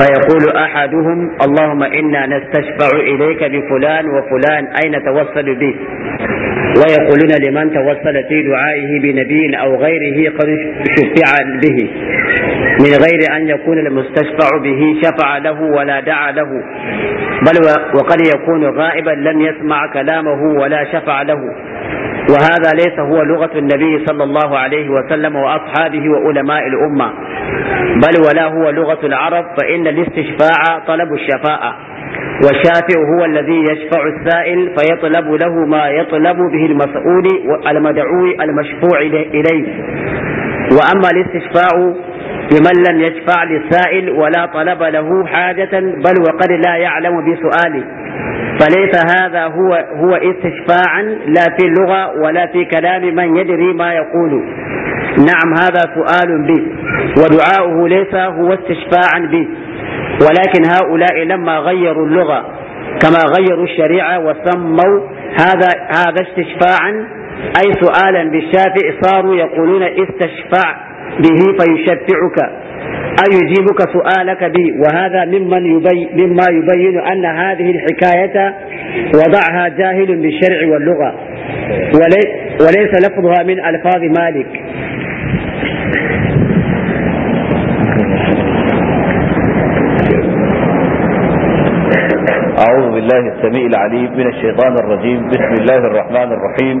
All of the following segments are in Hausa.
فيقول أحدهم اللهم إنا نستشفع إليك بفلان وفلان أين توصل به ويقولون لمن توصل في دعائه بنبي أو غيره قد شفع به من غير أن يكون المستشفع به شفع له ولا دعا له بل وقد يكون غائبا لم يسمع كلامه ولا شفع له وهذا ليس هو لغة النبي صلى الله عليه وسلم وأصحابه وعلماء الأمة بل ولا هو لغة العرب فإن الاستشفاع طلب الشفاعة والشافع هو الذي يشفع السائل فيطلب له ما يطلب به المسؤول المدعو المشفوع إليه وأما الاستشفاع بمن لم يشفع للسائل ولا طلب له حاجة بل وقد لا يعلم بسؤاله فليس هذا هو هو استشفاعا لا في اللغة ولا في كلام من يدري ما يقول نعم هذا سؤال بي ودعاؤه ليس هو استشفاعا بي ولكن هؤلاء لما غيروا اللغة كما غيروا الشريعة وسموا هذا هذا استشفاعا أي سؤالا بالشافع صاروا يقولون استشفع به فيشفعك يجيبك سؤالك به وهذا ممن يبي مما يبين أن هذه الحكاية وضعها جاهل بالشرع واللغة ولي وليس لفظها من ألفاظ مالك أعوذ بالله السميع العليم من الشيطان الرجيم بسم الله الرحمن الرحيم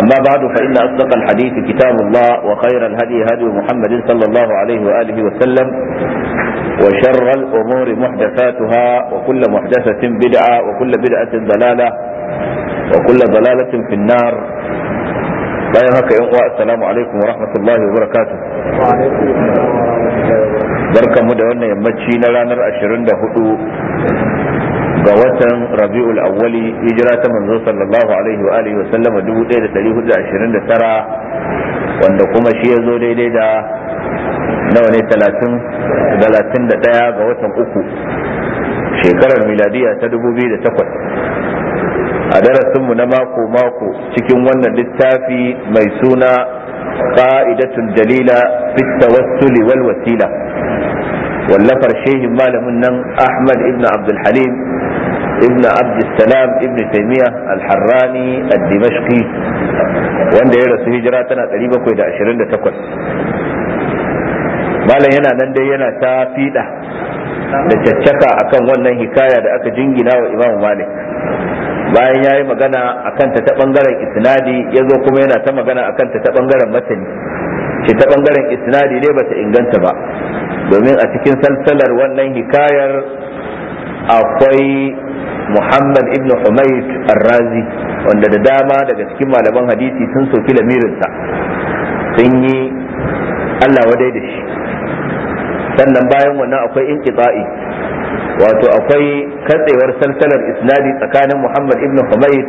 أما بعد فإن أصدق الحديث كتاب الله وخير الهدي هدي محمد صلى الله عليه وآله وسلم وشر الأمور محدثاتها وكل محدثة بدعة وكل بدعة ضلالة وكل ضلالة في النار bayan haka yan uwa assalamu alaikum wa rahmatullahi wa barakatuh barkanmu da wannan yammaci na ranar 24 ga watan rabi'ul awwali hijira ta manzo sallallahu alaihi wa alihi wa sallama 1429 wanda kuma shi ya zo daidai da nawa ne 30 31 ga watan uku shekarar miladiya ta 2008 a darasinmu na mako-mako cikin wannan littafi mai suna ƙa'idatun dalila fitta wasuli wal wasila wallafar shehin malamin nan ahmad ibn abdulhalim ibn abdussalam ibn taimiyya alharrani al-dimashqi wanda ya rasu hijira tana 728 malam yana nan dai yana ta fiɗa da caccaka akan wannan hikaya da aka jingina wa imamu malik bayan ya yi magana akan ta ta bangaren isnadi ya zo kuma yana ta magana akan ta ta bangaren matani ce ta bangaren isnadi ne bata inganta ba domin a cikin salsalar wannan hikayar akwai muhammad ibn humayd ar-razi wanda da dama daga cikin malaman hadisi sun soki lamirinsa sun yi allah wadai da shi sannan bayan wannan akwai inqita'i wato akwai katsewar salsalar isnadi tsakanin muhammad ibn humayd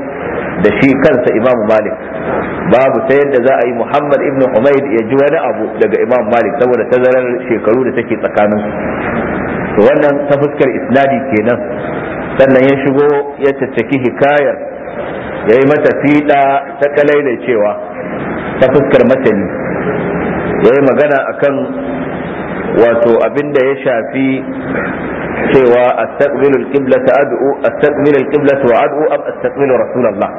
da shi kansa imam malik babu ta yadda za a yi muhammad ibn humayd ya ji wani abu daga imam malik saboda tazarar shekaru da take tsakanin wannan ta fuskar isnadi kenan sannan ya shigo ya caccaki hikayar ya yi mata fiɗa ta kalai da cewa ta fuskar matani ya yi magana a kan wato abin da ya shafi cewa astaqbilu adu'u a astaqbilu alqiblata wa adu'u am astaqbilu Rasulallah.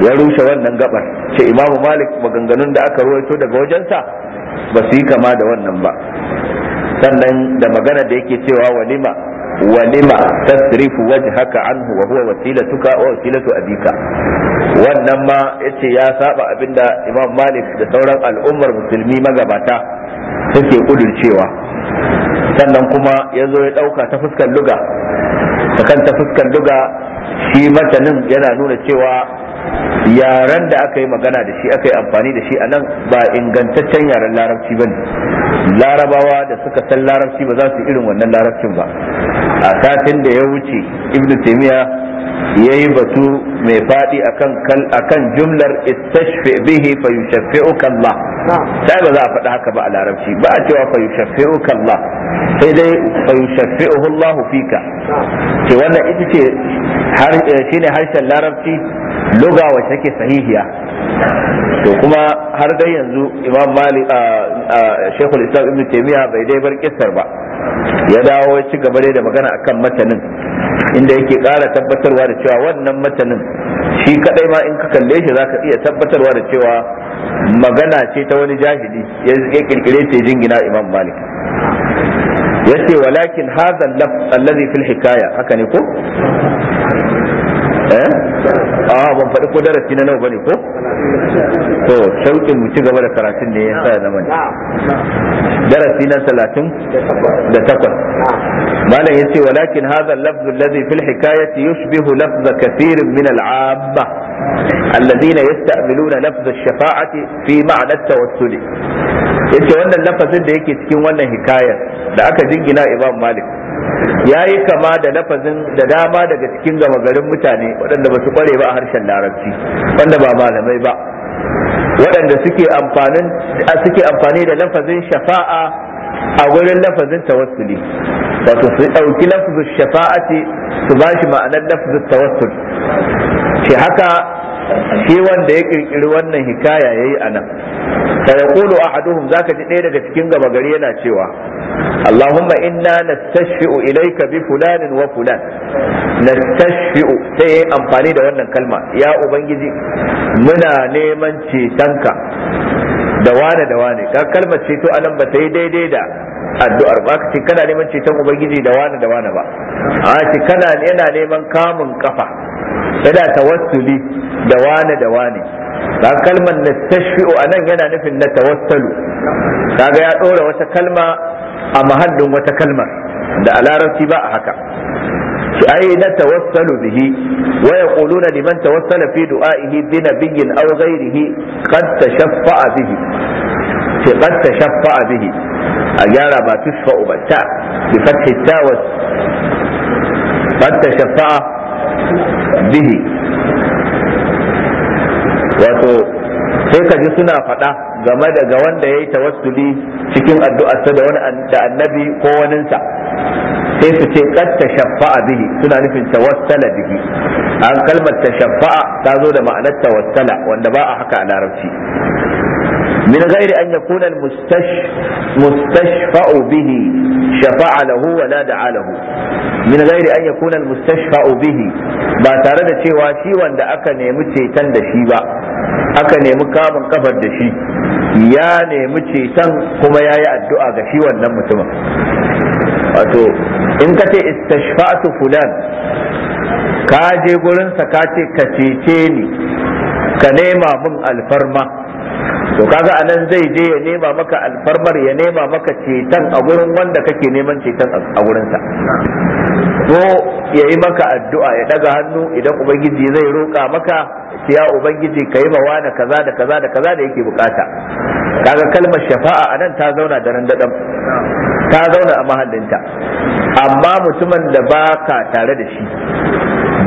ya rushe wannan gabar ce imamu malik maganganun da aka ruwaito daga wajensa ba su yi kama da wannan ba sannan da magana da yake cewa walima walima tasrifu wajhaka anhu wa huwa wasilatuka wa wasilatu abika wannan ma yace ya saba abinda Imam Malik da sauran al'ummar musulmi magabata suke kudurcewa sannan kuma ya zo ya ɗauka ta fuskar luga ta kan ta fuskar luga shi matanin yana nuna cewa yaren da aka yi magana da shi aka yi amfani da shi a nan ba ingantaccen yaren larabci ba ne larabawa da suka san larabci ba za su irin wannan larabcin ba a satin da ya wuce ibn taimiyya ya batu mai faɗi akan jumlar istashfi bihi fa yushaffi'uka Allah sai ba za a faɗi haka ba a larabci ba a cewa fa yushaffi'uka Allah sai dai fa yushaffi'uhu Allah fika ce wannan ita ce eh, shine harshen larabci loga wacce take sahihiya to kuma har dai yanzu imam malik shekul islam ibn taimiyya bai dai bar kissar ba ya dawo ya ci gaba da magana akan matanin inda yake kara tabbatarwa da cewa wannan matanin shi kadai ma in ka kalle shi zaka iya tabbatarwa da cewa magana ce ta wani jahili ya kirkire ta jingina imam malik yace walakin hadha al-lafz alladhi fil hikaya haka ne ko a ban faɗi ko darasi na nawa bane ko to shauƙin mu ci gaba da karatun ne ya ya zama darasi na talatin da takwas malam yace walakin hadha al-lafz alladhi fil hikayati yushbihu lafz kathir min al-'amma alladhina yasta'miluna lafz ash-shafa'ati fi ma'na at-tawassul yace wannan lafazin da yake cikin wannan hikayar da aka jingina Imam Malik ya yi kama da lafazin da dama daga cikin gama garin mutane waɗanda ba su kware ba a harshen larabci wanda ba malamai ba waɗanda suke amfani da lafazin shafa'a a wurin lafazin tawassuli wato su ɗauki lafazin shafa'ati su ba shi ma'anar lafazin tawassul shi haka shi wanda ya kirkiri wannan hikaya yayi anan fa yaqulu ahaduhum zaka ji ɗaya daga cikin gaba gari yana cewa Allahumma inna ilai ka bi fulanin wa fulan nastashfi'u sai yayi amfani da wannan kalma ya ubangiji muna neman cetonka da wane da wane ka kalmar ceto a nan ba ta yi daidai da addu'ar ba ka ce kana neman ceton ubangiji da wani da wani ba a ce kana yana neman kamun kafa yana tawassuli da wani da wani ba kalmar na tashfi'u a nan yana nufin na tawassalu kaga ya ɗora wata kalma a mahallin wata kalmar da a larabci ba a haka ai na tawassalu bihi wa yaquluna liman tawassala fi du'a'ihi bi nabiyyin aw ghayrihi qad tashaffa'a bihi qad tashaffa'a bihi a gyara ba tusfa ubata bi fathi tawas fatta shafa'a bihi wato sai ka ji suna faɗa game da ga wanda ya yi tawassuli cikin addu'arsa da wani da annabi ko waninsa sai su ce kad shafa'a bihi suna nufin tawassala bihi an kalmar shafa'a ta zo da ma'anar tawassala wanda ba a haka a larabci من غير أن يكون المستشفع به شفع له ولا دعا له من غير أن يكون المستشفع به ba tare da cewa ciwon da aka nemi ceton da shi ba aka nemi kamun kafar da shi ya nemi ceton kuma ya yi addu'a ga shi wannan mutumin wato in ka ce istashfa'atu fulan ka je gurinsa ka ce ka cece ni ka nema mun alfarma to kaga anan zai je ya nema maka alfarmar ya nema maka ceton a gurin wanda kake neman ceton a gurinsa ko ya yi maka addu'a ya daga hannu idan ubangiji zai roƙa maka ya ubangiji ka yi mawa da kaza da kaza da kaza da yake bukata kaga kalmar shafa'a anan ta zauna da ran ta zauna a mahallinta amma mutumin da baka tare da shi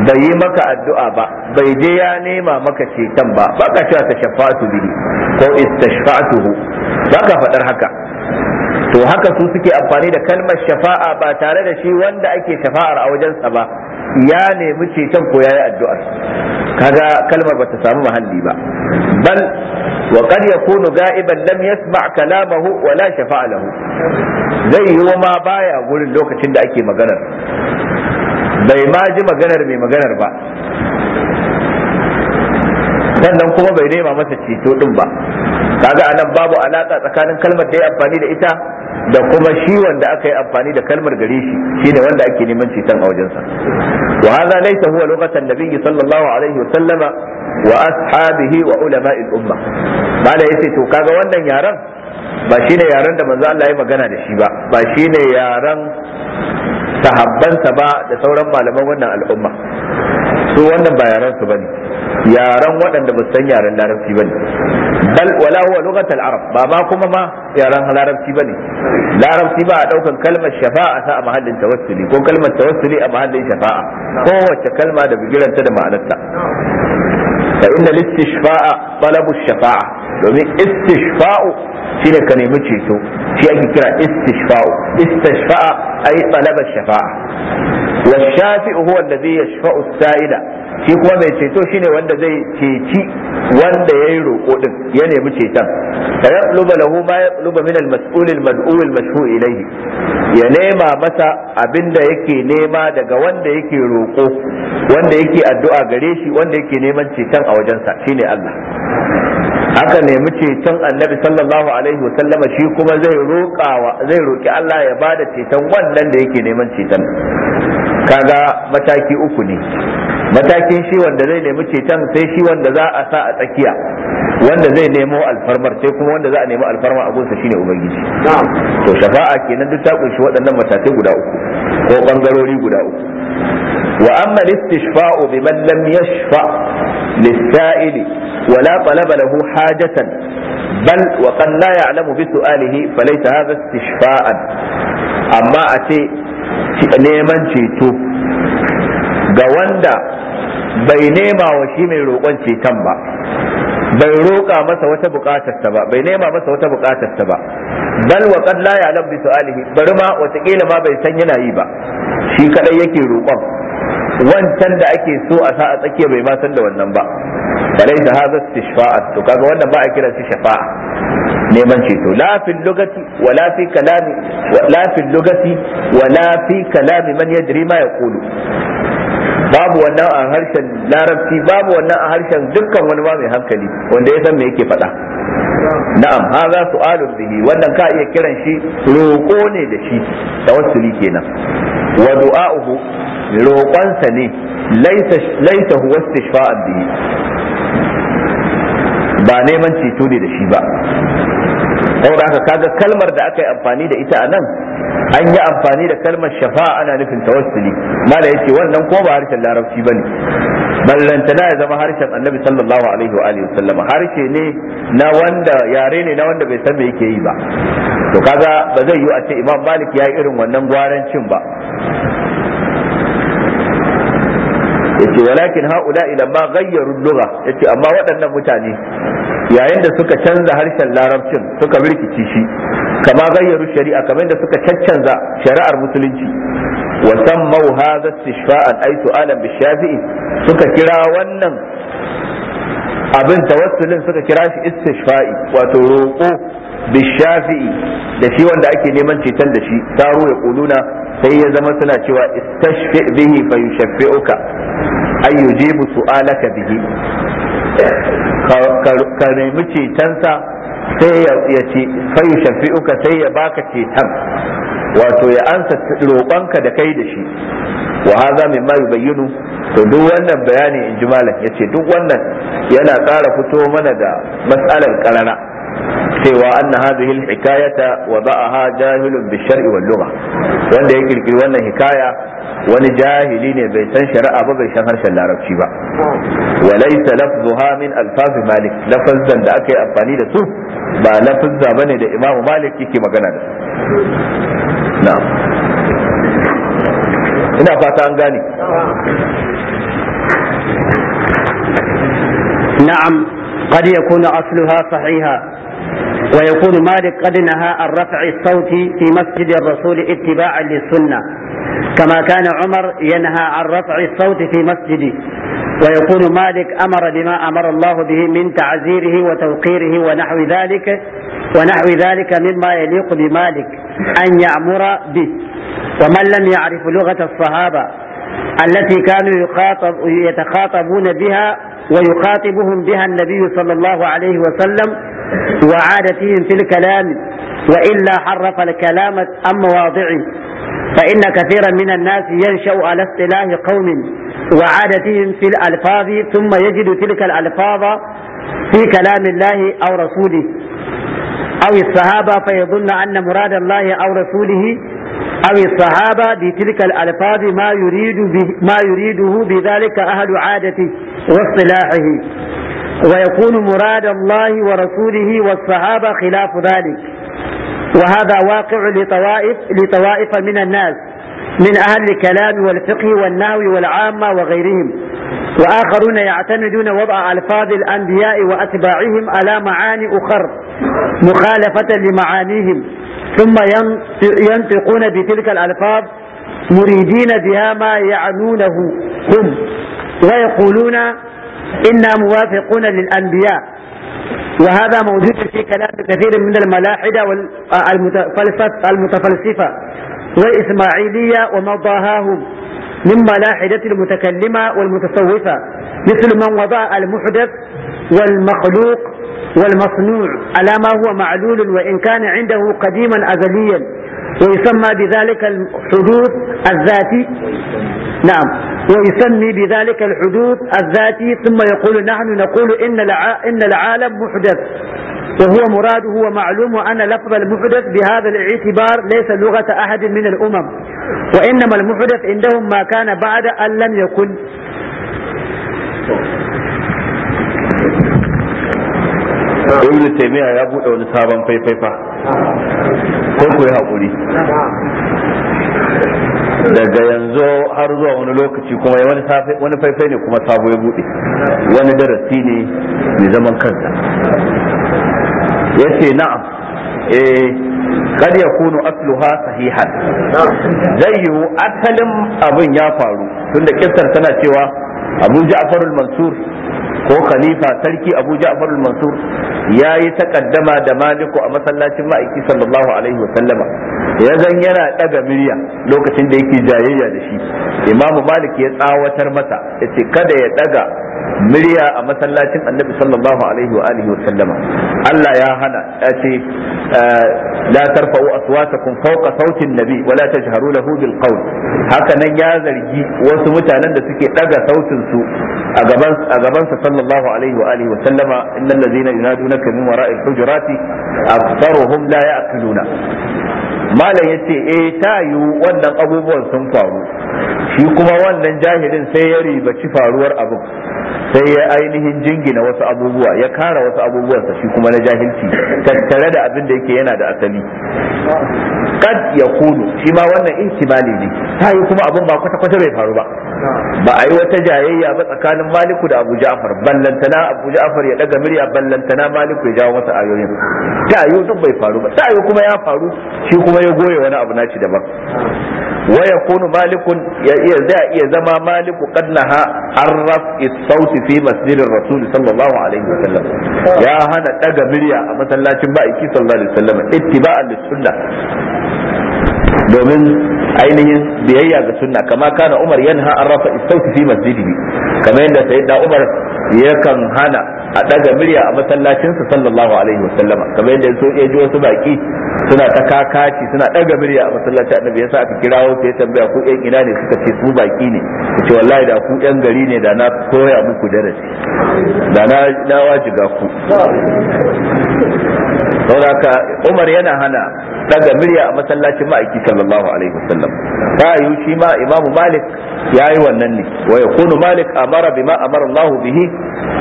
bai yi maka addu'a ba bai je ya nema maka ceton ba baka cewa ta shafatu bihi ko istashfa'tuhu ka fadar haka to haka su suke amfani da kalmar shafa'a ba tare da shi wanda ake shafa'ar a wajen sa ba ya nemi ceton ko yayi addu'a? kaga kalmar bata samu mahalli ba bal wa qad yakunu ga'iban lam yasma' kalamahu wa la shafa'a lahu zai yi ma baya gurin lokacin da ake maganar bai ma ji maganar mai maganar ba sannan kuma bai nema masa ceto din ba kaga anan babu alaka tsakanin kalmar da ya amfani da ita da kuma shi wanda aka yi amfani da kalmar gare shi shi ne wanda ake neman ceton a wajensa wa hadha laysa huwa lughatan nabiyyi sallallahu alaihi wa sallama wa ashabihi wa ulama'i al-umma bala yace to kaga wannan yaran ba shine yaran da manzo Allah ya magana da shi ba ba shine yaran sahabbansa ba da sauran malaman wannan al'umma su wannan ba yaran su bane yaran waɗanda ba san yaran larabci bane bal wala huwa lughat al-arab ba ma kuma ma yaran larabci bane larabci ba a daukan kalmar shafa'a ta a mahallin tawassuli ko kalmar tawassuli a mahallin shafa'a kowace kalma da bigiranta da ma'anarta فإن الاستشفاء طلب الشفاعة لومي استشفاء شين كان يمتشيتو في أي كرا استشفاء استشفاء أي طلب الشفاعة والشافع هو الذي يشفع السائل shi kuma mai ceto shine wanda zai ceci wanda ya yi roƙo ɗin, ya nemi ceton ya yaqlubu lahu ma yaqlubu min al-mas'ul al-mad'u al ya nema masa abinda yake nema daga wanda yake roƙo wanda yake addu'a gare shi wanda yake neman ceton a wajensa shine Allah aka nemi ceton annabi sallallahu alaihi wa sallama shi kuma zai roƙawa zai roƙi Allah ya bada ceton wannan da yake neman ceton kaga mataki uku ne matakin shi wanda zai nemi ceton sai shi wanda za a sa a tsakiya wanda zai nemo alfarmar sai kuma wanda za a nemi alfarma a gunsa shine ubangiji to shafa'a kenan duk ta kunshi waɗannan matakai guda uku ko bangarori guda uku wa amma istishfa'u biman lam yashfa lis-sa'ili wa la talaba lahu hajatan bal wa qad la ya'lamu bi su'alihi falaysa hadha istishfa'an amma a ce neman ceto ga wanda bai nema wa shi mai roƙon ceton ba bai roƙa masa wata ta ba bai nema masa wata ta ba bal wa qad la ya'lam bi su'alihi bari ma wataƙila ma bai san yana yi ba shi kadai yake roƙon wancan da ake so a sa a tsakiya bai ma san da wannan ba balai da hadha istishfa'a to kaga wannan ba a kira shi shafa'a neman ceto la fi lugati wa la fi kalami wa la fi lugati wa la fi kalami man yadri ma yaqulu babu wannan a harshen larabci babu wannan a harshen dukkan wani ma mai hankali wanda ya san me yake faɗa na'am ha za su alun bihi wannan ka iya kiran shi roƙo ne da shi tawassuli kenan wa du'a'uhu sa ne laisa huwa istishfa'an bihi ba neman ceto ne da shi ba saboda haka kaga kalmar da aka yi amfani da ita a nan an yi amfani da kalmar shafa'a ana nufin tawassuli mala yace wannan ko ba harshen larabci bane ballantana ya zama harshen annabi sallallahu alaihi wa alihi sallama harshe ne na wanda yare ne na wanda bai san me yake yi ba to kaga ba zai yi a ce imam malik ya yi irin wannan gwarancin ba yace walakin haula ila ma ghayyaru lugha yace amma waɗannan mutane yayin da suka canza harshen larabcin suka birkici shi kama gayyaru shari'a kamar da suka caccanza shari'ar musulunci wa sammau hadha istishfa'an ay su'alan bishafi'i suka kira wannan abin tawassulin suka kira shi istishfa'i wato roƙo bishafi'i da shi wanda ake neman ceton da shi taro ya kuluna sai ya zama suna cewa istashfi bihi fa yushaffi'uka ay yujibu su'alaka bihi ka nemi cetonsa sai ya ce fai shafi'uka sai ya baka ceton wato ya ansa roƙonka da kai da shi wa haza mimma yubayyinu to duk wannan bayani in ji malam ya ce. duk wannan yana ƙara fito mana da matsalar ƙarara cewa anna hadhihi a ha jahilun bishar'i wal lugha wanda ya kirkiri wannan hikaya wani jahili ne bai san shari'a ba bai san harshen larabci ba wa laysa lafzuha min malik lafazan da aka yi amfani da su ba lafazza bane da imamu malik yake magana da su na'am ina fata an gane na'am قد ويكون مالك قد نهى عن رفع الصوت في مسجد الرسول اتباعا للسنة كما كان عمر ينهى عن رفع الصوت في مسجده ويكون مالك أمر بما أمر الله به من تعزيره وتوقيره ونحو ذلك ونحو ذلك مما يليق بمالك أن يأمر به ومن لم يعرف لغة الصحابة التي كانوا يخاطب يتخاطبون بها ويخاطبهم بها النبي صلى الله عليه وسلم وعادتهم في الكلام وإلا حرف الكلام أم مواضعه فإن كثيرا من الناس ينشأ على اصطلاح قوم وعادتهم في الألفاظ ثم يجد تلك الألفاظ في كلام الله أو رسوله أو الصحابة فيظن أن مراد الله أو رسوله أو الصحابة بتلك الألفاظ ما يريد ما يريده بذلك أهل عادته واصطلاحه ويكون مراد الله ورسوله والصحابة خلاف ذلك وهذا واقع لطوائف لطوائف من الناس من أهل الكلام والفقه والناوي والعامة وغيرهم وآخرون يعتمدون وضع ألفاظ الأنبياء وأتباعهم على معاني أخر مخالفة لمعانيهم ثم ينطقون بتلك الألفاظ مريدين بها ما يعنونه هم ويقولون إنا موافقون للأنبياء وهذا موجود في كلام كثير من الملاحدة والمتفلسفة آه، والإسماعيلية وما ضاهاهم من ملاحدة المتكلمة والمتصوفة مثل من وضع المحدث والمخلوق والمصنوع على ما هو معلول وإن كان عنده قديما أزليا ويسمى بذلك الحدوث الذاتي نعم ويسمي بذلك الحدوث الذاتي ثم يقول نحن نقول إن, إن العالم محدث وهو مراده معلوم وأن لفظ المحدث بهذا الاعتبار ليس لغة أحد من الأمم وإنما المحدث عندهم ما كان بعد أن لم يكن ابن تيمية يا أبو أول فيفا sai ku yi haƙuri daga yanzu har zuwa wani lokaci kuma wani faifai ne kuma sabo ya buɗe wani darasi ne mai zaman kanta. ya ce na'am eh kad ya kunu asluha sahihan zai yiwu asalin abin ya faru tunda kissar tana cewa abu ja'far al-mansur ko khalifa sarki abu ja'far al-mansur yayi takaddama da maliku a masallacin ma'aiki sallallahu alaihi wa sallama ya zan yana daga murya lokacin da yake jayayya da shi imamu malik ya tsawatar masa yace kada ya daga murya a masallacin annabi sallallahu alaihi wa alihi wa sallama Allah ya hana ya ce ah, la tarfa'u aswatakum fawqa sautin nabi wa la tajharu lahu bil qawl haka nan ya zargi wasu mutanen da suke daga sautin su a gaban a gaban sa sallallahu alaihi wa alihi wa sallama innal ladina yunadunaka min wara'il hujurati aktharuhum la ya'qiluna malam yace eh ta yiwu wannan abubuwan sun faru shi kuma wannan jahilin sai ya ribaci faruwar abin sai ya ainihin jingina wasu abubuwa ya kara wasu abubuwansa shi kuma na jahilci tattare da abin da yake yana da asali kad ya kudu shi ma wannan ihtimali ne ta yi kuma abin ba kwata kwata bai faru ba ba a yi wata jayayya ba tsakanin maliku da abu ja'far ballantana abu ja'far ya daga murya ballantana maliku ya jawo masa ayoyin ta yi duk bai faru ba ta yi kuma ya faru shi kuma kuma ya goye wani abu naci daban wa yakunu malikun ya iya zai iya zama maliku qadnaha arraf is-saut fi masjidir rasul sallallahu alaihi wasallam ya hana daga murya a masallacin ba'iki sallallahu alaihi wasallam ittiba'an lis-sunnah domin ainihin biyayya ga sunna kama kana Umar yanha an rafa istauti fi masjidihi kamar yanda sayyidina Umar yakan hana a ɗaga murya a masallacinsa sallallahu alaihi wa sallama kamar yadda so ya ji wasu baki suna ta kakaci suna ɗaga murya a masallacin annabi yasa aka kirawo sai tambaya ku yan ina ne suka ce su baki ne ce wallahi da ku yan gari ne da na koya muku darasi da na na wajiga ku saboda Umar yana hana daga murya a masallacin ma'aiki sallallahu alaihi wasallam ta shi ma imamu malik ya yi wannan ne wa ya malik amara bima amara Allah bihi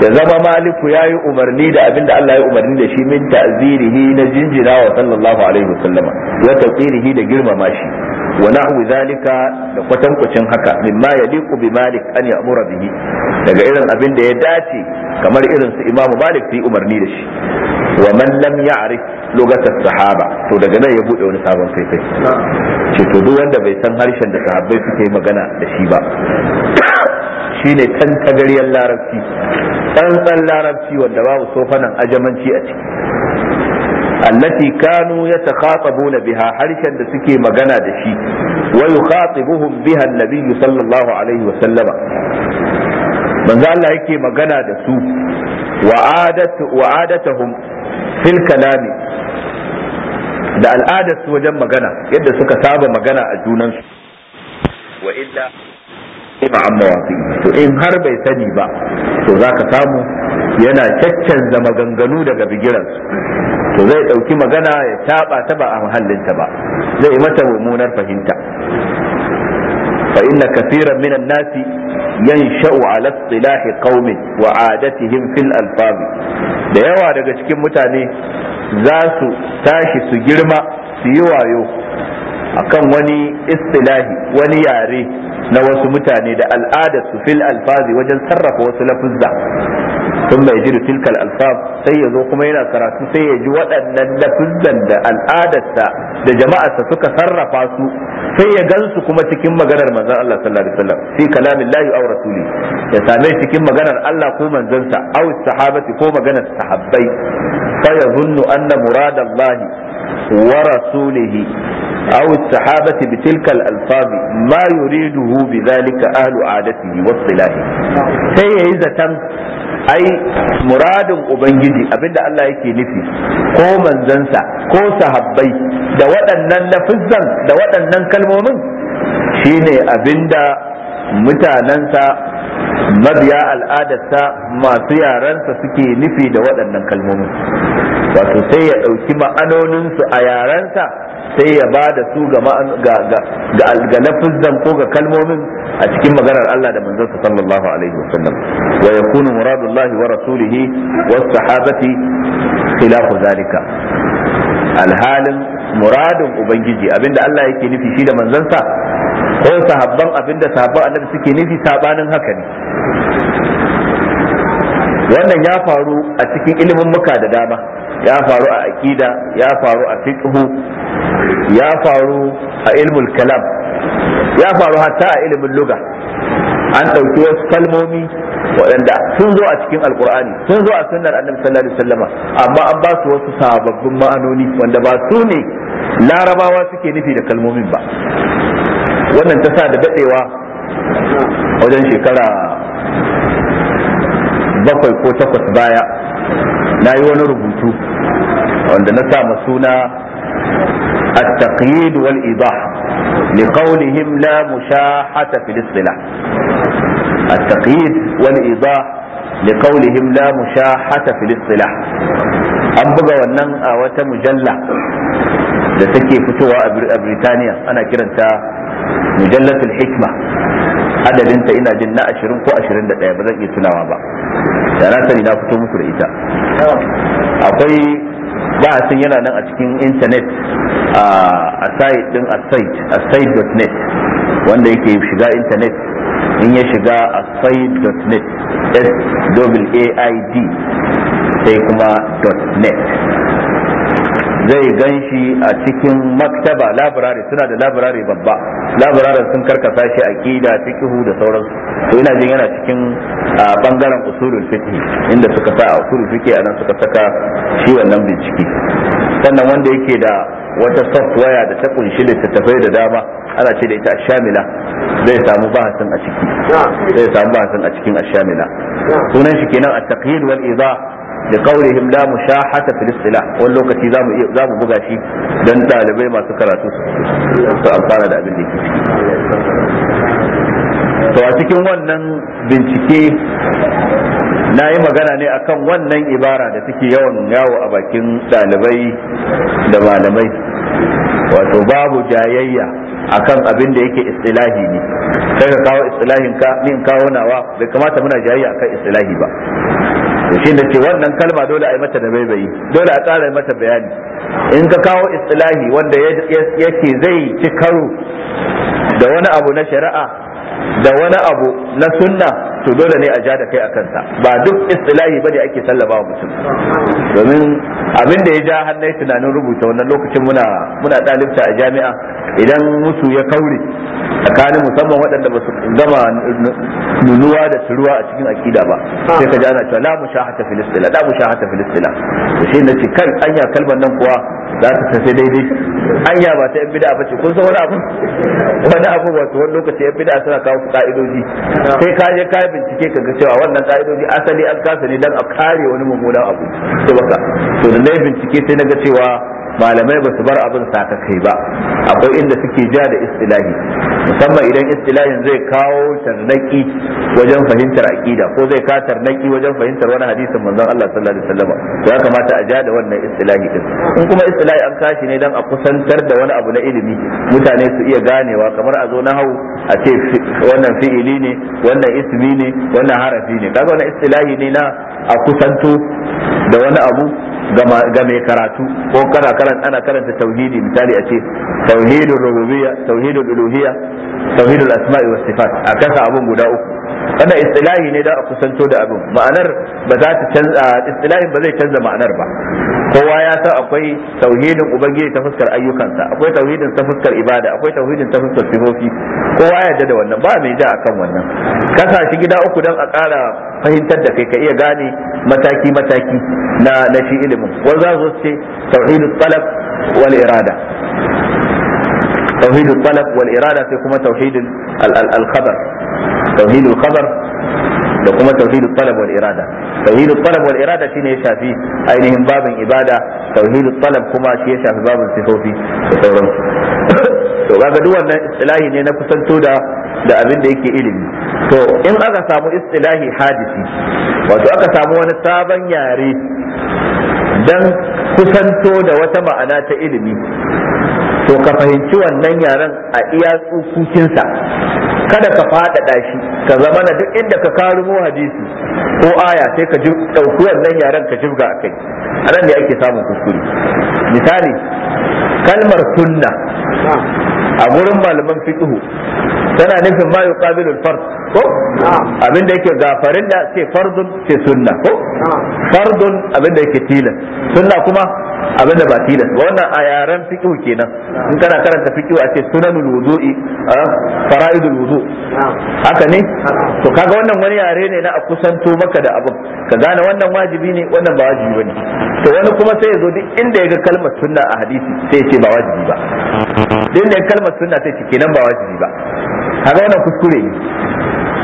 ya zama maliku ya yi umarni da abinda Allah ya umarni da shi min ta'zirihi na jinjina wa sallallahu alaihi wasallama wa tawqirihi da girmama shi wa nahwu zalika da kwatankwacin haka mimma yaliqu bi malik an ya'mura bihi daga irin abin da ya dace kamar irin su imamu malik su yi umarni da shi wa man lam ari lugatar sahaba to daga nan ya buɗe wani sabon faifai ce to duk wanda bai san harshen da sahabbai suke magana da shi ba shine tantagariyar larabci tsantsan larabci wanda babu sofanan ajamanci a ciki allati kanu yatakhatabuna biha harshen da suke magana da shi wa yukhatibuhum biha an-nabiy sallallahu alaihi wa sallama yake magana da su wa adatu wa fil kalami da al'adarsu wajen magana yadda suka saba magana a junansu wa illa ima an to in har bai sani ba to za ka samu yana caccanza maganganu daga bigiransu to zai ɗauki magana ya taɓa ta ba a muhallinta ba zai mata mummunar fahimta فإن كثيرا من الناس ينشأ على اصطلاح قوم وعادتهم في الألفاظ da yawa daga cikin mutane za su tashi su girma su yi wayo akan wani istilahi wani yare na wasu mutane da al'adar su fil alfazi wajen sarrafa wasu lafuzza sun bai jiri tilkal alfab sai ya zo kuma yana karatu sai ya ji waɗannan lafuzzan da al'adarsa da jama'arsa suka sarrafa su sai ya gansu kuma cikin maganar manzon Allah sallallahu alaihi wasallam fi kalamin aw rasuli ya same cikin maganar Allah ko manzansa aw sahabati ko maganar sahabbai fa yazunnu anna muradallahi wa rasulihi أو السحابة بتلك الألفاظ ما يريده بذلك أهل عادته واصطلاحه sai ya yi zaton ai muradin ubangiji abinda Allah yake nufi ko manzansa ko sahabbai da waɗannan lafizzan da waɗannan kalmomin shine abinda mutanensa mabiya al'adarsa masu yarensa suke nufi da waɗannan kalmomin wato sai ya ɗauki ma'anoninsu a yarensa sai ya ba da su ga ga ko ga kalmomin a cikin maganar Allah da manzonsa sallallahu alaihi wasallam wa yakunu muradullahi wa rasulihi wa sahabati khilafu zalika alhalin muradin ubangiji abinda Allah yake nufi shi da sa ko sahabban abinda sahabban annabi suke nufi sabanin haka ne wannan ya faru a cikin ilimin muka da dama ya faru a aqida ya faru a fiqhu ya faru a ilmul kalam ya faru hatta a ilimin lugha an ɗauki wasu kalmomi waɗanda sun zo a cikin alkur'ani sun zo a sunnar annabi sallallahu alaihi wasallama amma an ba su wasu sababbin ma'anoni wanda ba su ne larabawa suke nufi da kalmomin ba wannan ta sa da dadewa wajen shekara bakwai ko takwas baya na yi wani rubutu wanda na sa suna at-taqyid wal idah la mushahata fil istilah an buga wannan a wata mujalla da take fitowa a Birtaniya ana kiranta mujallatul hikma adadinta ina jin na 20 ko ɗaya ba zan iya tunawa ba da na sani na fito muku da ita akwai ba a san yana nan a cikin intanet a site din site.net wanda yake shiga intanet in ya shiga a site.net s a i d sai kuma .net zai gan shi a cikin maktaba laburare suna da laburare babba labararan sun karkasa shi kida fikihu da sauransu to ina jin yana cikin bangaren usulul fiqh inda suka sa a usulul fiqh anan suka saka shi wannan bincike sannan wanda yake da wata software da ta kunshi littattafai da dama ana ce da ita ashamila zai samu bahasin a ciki zai samu bahasin a cikin ashamila sunan shi kenan at-taqyid wal idah da himla mu sha hata filistila, wani lokaci zamu mu buga shi dan dalibai masu karatu su amfana da abin da ciki. to a cikin wannan bincike na yi magana ne akan wannan ibara da suke yawan yawo a bakin ɗalibai da malamai wato babu jayayya akan abin da yake istilahi ne sai ka kawo istilahin ka ni kawo nawa bai kamata muna jayayya akan istilahi ba shi da ce wannan kalma dole a yi mata da baibayi dole a tsara mata bayani in ka kawo istilahi wanda yake zai ci karo da wani abu na shari'a da wani abu na sunna to dole ne a ja da kai a kansa ba duk istilahi bane ake sallaba mutum domin abin da ya ja hannai tunanin rubuta wannan lokacin muna muna dalibta a jami'a idan musu ya kauri tsakanin musamman waɗanda ba su gama nunuwa da turuwa a cikin akida ba sai ka ji ana cewa la mushahata fil istila la mushahata fil istila to ce nace anya kalmar nan kuwa za ta tafi daidai anya ba ta yan bid'a bace kun san wani abu wani abu wato wani lokaci yan bid'a suna kawo ka'idoji sai ka je ka bincike ka ga cewa wannan ka'idoji asali an kasa ne dan a kare wani mummunan abu to baka to da na bincike sai na ga cewa malamai ba su bar abin saka kai ba akwai inda suke ja da istilahi musamman idan istilahin zai kawo tarnaki wajen fahimtar aqida ko zai kawo tarnaki wajen fahimtar wani hadisin manzon Allah sallallahu alaihi wasallam ya kamata a ja da wannan istilahi din in kuma istilahi an kashi ne dan a kusantar da wani abu na ilimi mutane su iya ganewa kamar a zo na hau a ce wannan fi'ili ne wannan ismi ne wannan harafi ne kaga wannan istilahi ne na a kusanto da wani abu ga mai karatu ko kana karanta ana karanta tauhidi misali a ce tauhidul rububiyya tauhidul uluhiyya tauhidul asma'i was sifat a kasa abun guda uku wannan istilahi ne da a kusanto da abin ma'anar ba za ta canza istilahin ba zai canza ma'anar ba kowa ya san akwai tauhidin ubangiji ta fuskar ayyukansa akwai tauhidin ta fuskar ibada akwai tauhidin ta fuskar sifofi kowa ya da wannan ba mai da akan wannan kasa shi gida uku dan a ƙara fahimtar da kai ka iya gane mataki mataki na na shi ilimin wanda za su ce tauhidul talab wal irada tauhidul talab wal irada sai kuma tauhidul al-khabar tauhidul khabar da kuma tauhidul talab wal irada tauhidul talab wal irada shine ya shafi ainihin babin ibada tauhidul talab kuma shi ya shafi babin sifofi da sauransu to kaga duk wannan istilahi ne na kusanto da da abin da yake ilimi to in aka samu istilahi hadisi wato aka samu wani sabon yare dan kusanto da wata ma'ana ta ilimi to ka fahimci wannan yaren a iya tsukukinsa kada ka faɗaɗa shi ka zama na duk inda ka karumo hadisi ko aya sai ka ɗauki nan yaren ka jibga a kai a nan ne ake samun kuskure misali kalmar sunna a gurin malaman fiqhu tana nufin ma yuqabilu al ko abin da yake gafarin da ce fardun ce sunna ko fardun abin da yake tilas sunna kuma abin da ba tilas wannan a yaran fiqh kenan in kana karanta fiqh a ce sunanul wudu'i fara'idul wudu haka ne to kaga wannan wani yare ne na a kusanto maka da abin ka gane wannan wajibi ne wannan ba wajibi bane to wani kuma sai ya zo duk inda ya ga kalmar sunna a hadisi sai ya ce ba wajibi ba duk inda ya kalmar sunna sai ce kenan ba wajibi ba kaga wannan kuskure ne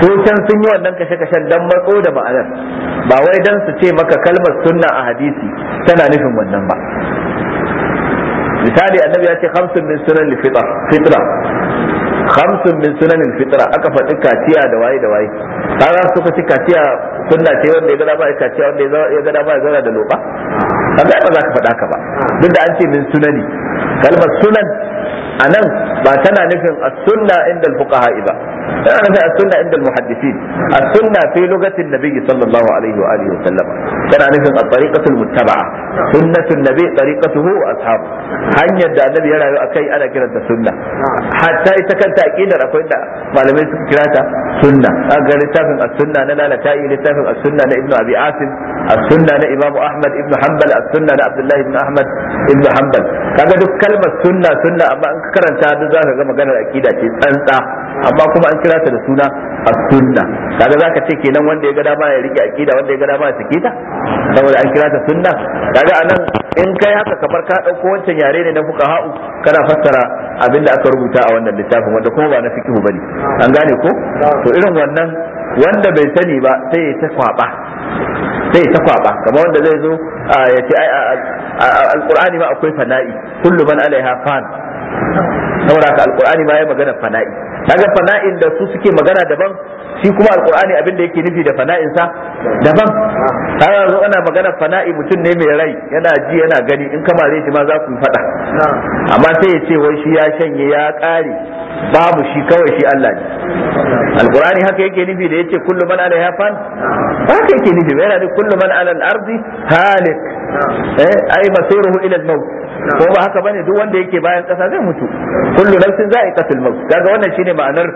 su can sun yi wannan kashe-kashen dan marko da ma'anar ba wai dan su ce maka kalmar sunna a hadisi tana nufin wannan ba misali annabi ya ce khamsun min sunan fitra khamsun min sunan fitra aka faɗi kaciya da waye da waye har suka ci kaciya sunna ce wanda ya gada ba ya kaciya wanda ya gada ba zara da loba kaga ba za ka faɗa ka ba duk da an ce min sunani kalmar sunan a nan ba tana nufin as-sunna inda al-fuqaha ba tana nufin as-sunna inda al-muhaddisin as-sunna fi lugatin nabiyyi sallallahu alaihi wa alihi wa sallam tana nufin at-tariqatu al-muttaba'a sunnatu nabi tariqatuhu wa ashabu hanyar da annabi ya rayu akai ana kiranta sunna hatta ita kanta aqidar akwai da malamai suka kira ta sunna ga littafin as-sunna na lalatai littafin as-sunna na ibnu abi asim as-sunna na imamu ahmad ibnu hanbal as-sunna na abdullahi ibnu ahmad ibnu hanbal kaga duk kalmar sunna sunna amma ka karanta duk za ka ga maganar akida ce tsantsa amma kuma an kira ta da suna as-sunna kaga zaka ce kenan wanda ya ga dama ya rike akida wanda ya ga dama ya sike ta saboda an kira ta sunna kaga anan in kai haka kamar ka dauko wancan yare ne na ha'u kana fassara abinda aka rubuta a wannan littafin wanda kuma ba na fikihu bane an gane ko to irin wannan wanda bai sani ba sai ya ta kwaba sai ta kwaba kamar wanda zai zo ya ce alqur'ani ma akwai fana'i kullu man alaiha fan saboda haka alqur'ani ma ya magana fana'i kaga fana'in da su suke magana daban shi kuma alqur'ani abin da yake nufi da fana'in sa daban har yanzu ana magana fana'i mutum ne mai rai yana ji yana gani in kama mare shi ma za ku yi fada amma sai ya ce wai shi ya shanye ya kare babu shi kawai shi Allah ne alqur'ani haka yake nufi da yace kullu man ala yafan haka yake nufi yana da kullu man ala al-ardi halik eh ai masiruhu ila al-maut ko ba haka bane duk wanda yake bayan kasa zai mutu kullu nafsin za'iqatul maut kaga wannan shine ma'anar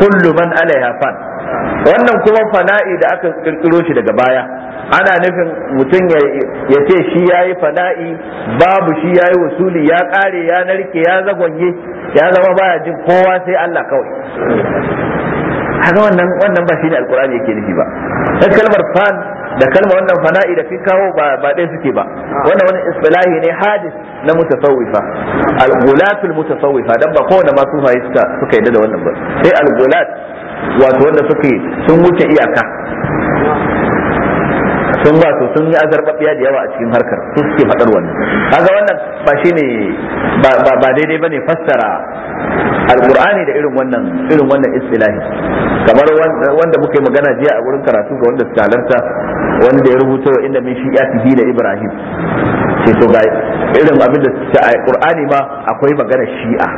kullu man alaiha fan wannan kuma fana'i da aka kirkiro shi daga baya ana nufin mutum ya ce shi yayi fana'i babu shi yayi wasuli ya kare ya narke ya zagonye ya zama baya jin kowa sai Allah kawai haka wannan wannan ba shi ne alkur'ani yake nufi ba kalmar fan da kalma wannan fana'i da fi kawo ba ba ɗaya suke ba wannan wani istilahi ne hadis na mutasawwifa al al mutasawwifa dan ba kowanne ma sufaye suka suka yadda da wannan ba sai al-gulat wato wanda suke sun wuce iyaka sun ba to sun yi azarbabiya da yawa a cikin harkar su suke faɗar wannan kaga wannan ba shine ba ba daidai bane fassara alqur'ani da irin wannan irin wannan istilahi kamar wanda muke magana jiya a wurin karatu ga wanda suka halarta wanda ya rubuta wa inda min shi'atihi da ibrahim ce to ga irin abin da ta a qur'ani ma akwai magana shi'a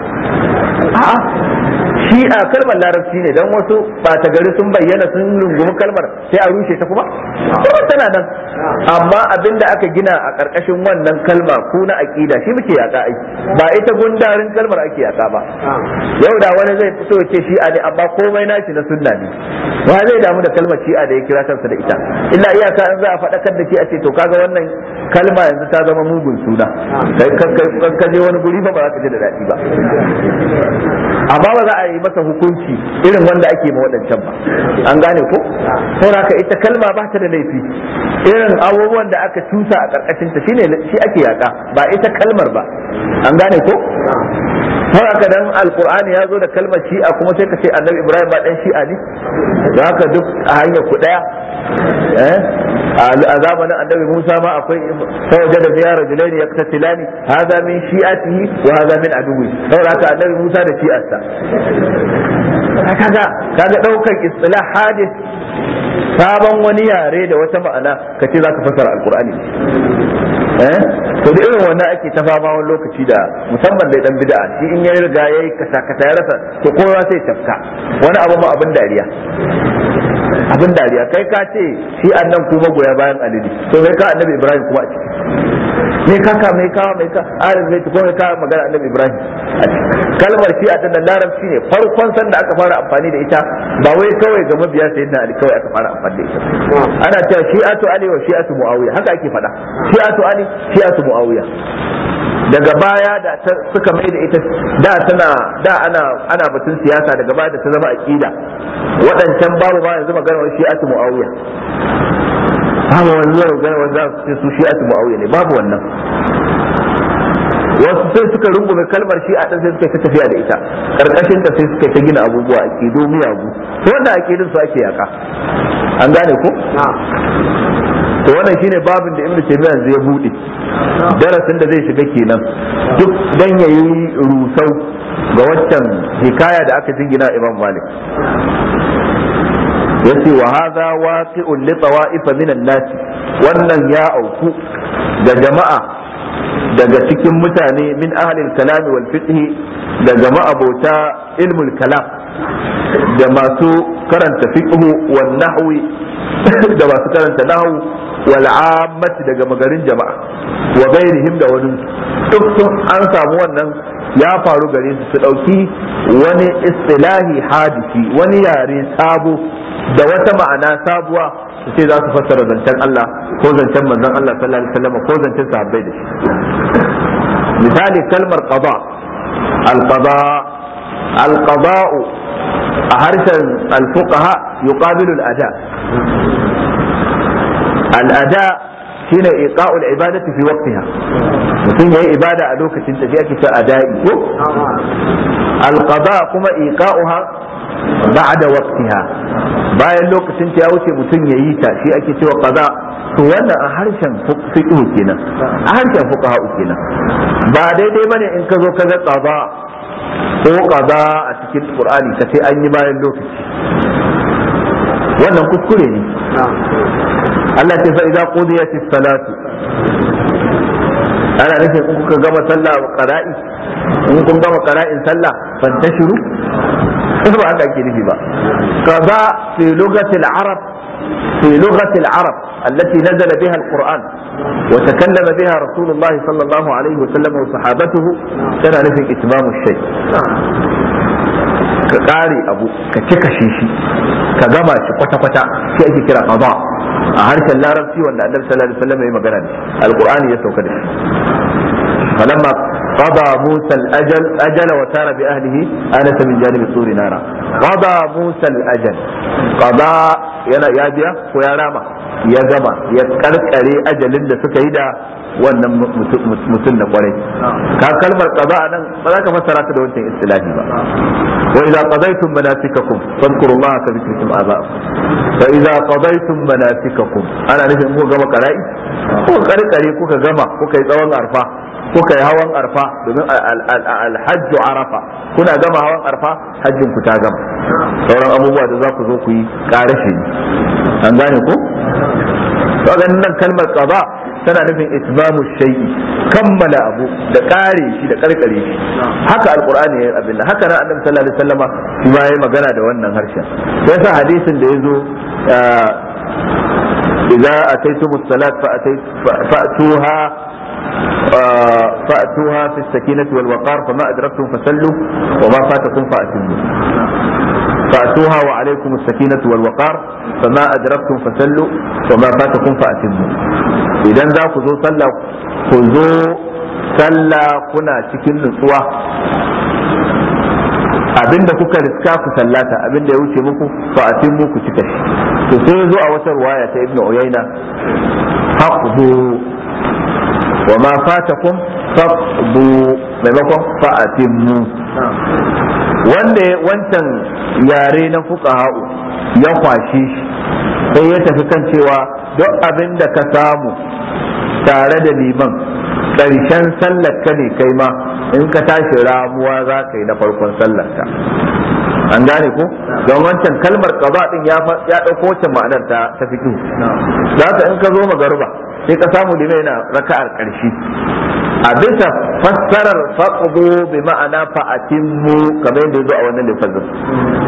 shi'a kalmar larabci ne dan wasu ta gari sun bayyana sun rungumi kalmar sai a rushe ta kuma kuma tana nan amma abinda aka gina a karkashin wannan kalma ko na aƙida shi muke yaƙa ai ba ita gundarin kalmar ake yaƙa ba yau da wani zai fito ce shi'a ne amma komai nashi na sunna ne wa zai damu da kalmar a da ya kira kansa da ita illa iyaka in za a faɗakar da shi a ce to kaga wannan kalma yanzu ta zama mugun suna kai ka je wani guri ba ba za ka ji da dadi ba amma ba za a yi yi masa hukunci irin wanda ake ma waɗancan ba an gane ko saboda ita kalma ba ta da laifi irin abubuwan da aka tusa a karkashin ta shine shi ake yaka ba ita kalmar ba an gane ko haka dan alqur'ani ya zo da kalmar shi'a kuma sai ka ce annabi ibrahim ba dan shi'a ne da haka duk a hanyar ku daya eh a zamanin annabi musa ma akwai sawaje da ziyara ne ya tatilani hadha min shi'atihi wa hadha min aduwi saboda haka annabi musa da shi'arsa kaga kaga daukar istilah hadith sabon wani yare da wata ma'ana kace zaka fasara alqur'ani Eh? to da irin wannan ake ta fama wani lokaci da musamman da dan bid'a shi in ya riga yayi kasa kasa ya rasa to kowa sai tafka wani abu ma abin dariya abin dariya kai ka ce shi annan kuma goya bayan alidi to kai ka annabi ibrahim kuma a ciki mai kaka mai kawa mai ka ari zai ko mai kawa magana annabi ibrahim kalmar shi a tana larabci ne farkon sanda aka fara amfani da ita ba wai kawai ga mabiya sayyidina ali kawai aka fara amfani da ita ana cewa shi'atu ali wa shi'atu muawiya haka ake faɗa shi'atu ali shi'atu muawiya daga baya da suka mai da ita da tana da ana ana batun siyasa daga baya da ta zama aqida waɗancan babu ba yanzu a shi'atu muawiya haka wani zuwa magana wanda su ce su shi'a su mu'awiya ne babu wannan wasu sai suka rungume kalmar shi a ɗan sai suka tafiya da ita ƙarƙashin ta sai suka ta gina abubuwa a ke kido miyagu to wanda a kidin su ake yaka an gane ko to wannan shine babin da ibnu taymiya yanzu ya buɗe darasin da zai shiga kenan duk dan yi rusau ga waccan hikaya da aka jingina imam malik yace wa hadha waqi'un li tawa'ifa min an-nas wannan ya auku ga jama'a daga cikin mutane min ahlil kalam wal fiqh da jama'a bauta ilmul kalam da masu karanta fiqh wal da masu karanta wal daga magarin jama'a wa ghairihim da wani duk an samu wannan ya faru gare su su dauki wani istilahi hadisi wani yare sabo da wata ma'ana sabuwa su ce za su fassara zancen Allah ko zancen manzon Allah sallallahu alaihi wasallam ko zancen sahabbai da shi misali kalmar qada al-qada al-qada a harshen al-fuqaha yuqabilu al-ada al-ada shine iqa'ul ibadati fi waqtiha mutum yayi ibada a lokacin da ake ta ada'i ko al-qada kuma iqa'uha ba'da waqtiha bayan lokacin ta ya wuce mutum ya yi ta shi ake cewa qaza to wannan a harshen fiqh kenan a harshen fuqaha kenan ba daidai bane in ka zo ka ga qaza ko qaza a cikin qur'ani ka ce an yi bayan lokaci wannan kuskure ne Allah ta fa idza qudiyatis salatu ana nufin in kuka gama sallah wa qara'i in kun gama qara'in sallah fantashiru ba haka ake nufi ba kaza fi lugatil arab fi lugatil arab allati nazala biha alquran wa takallama biha rasulullah sallallahu alaihi wa sallam wa sahabatuhu tana nufin itmamu shay ka kare abu ka cika shi ka gama shi kwata kwata sai ake kira qada a harshen larabci wanda annabi sallallahu alaihi wasallam ya magana da alqur'ani ya sauka da shi falamma qada musa al ya biya ko ya rama ya da suka yi da wannan mutum na kwarai ka ana kuka gama tsawon arfa kuka hawan arfa domin alhajju arafa kuna gama hawan arfa hajjin ku ta gama sauran abubuwa da za ku zo ku yi ƙarashe an gane ko ganin nan kalmar qada tana nufin itmamu shay'i kammala abu da kare shi da karkare shi haka alqur'ani ya abinda haka nan annabi sallallahu alaihi wasallama shi ma yayi magana da wannan harshen yasa hadisin da yazo idza ataytum as-salat fa'atuha فأتوها في السكينة والوقار فما أدركتم فسلوا وما فاتكم فأتموا فأتوها وعليكم السكينة والوقار فما أدركتم فسلوا وما فاتكم فأتموا إذا ذا خذوا صلى خذوا صلى كنا تكن نسوة abinda kuka riska ku sallata abinda ya wuce muku fa atin muku cika shi to sai zo a wata ruwaya ta ibnu uyayna haqdu wa فاتكم fatakum faqdu maimakon fa'atimmu wanda wancan yare na ha'u ya kwashi sai ya tafi kan cewa duk abin da ka samu tare da liman ƙarshen sallar ka ne kai ma in ka tashi ramuwa za ka yi na farkon sallar ka an gane ko don wancan kalmar kaba ɗin ya ɗauko wacce ma'anar ta ta fito za ka in ka zo magaruba sai ka samu limai na raka'ar ƙarshe a bisa fassarar faqdu bi ma'ana fa atimmu kamar yadda yazo a wannan lafazin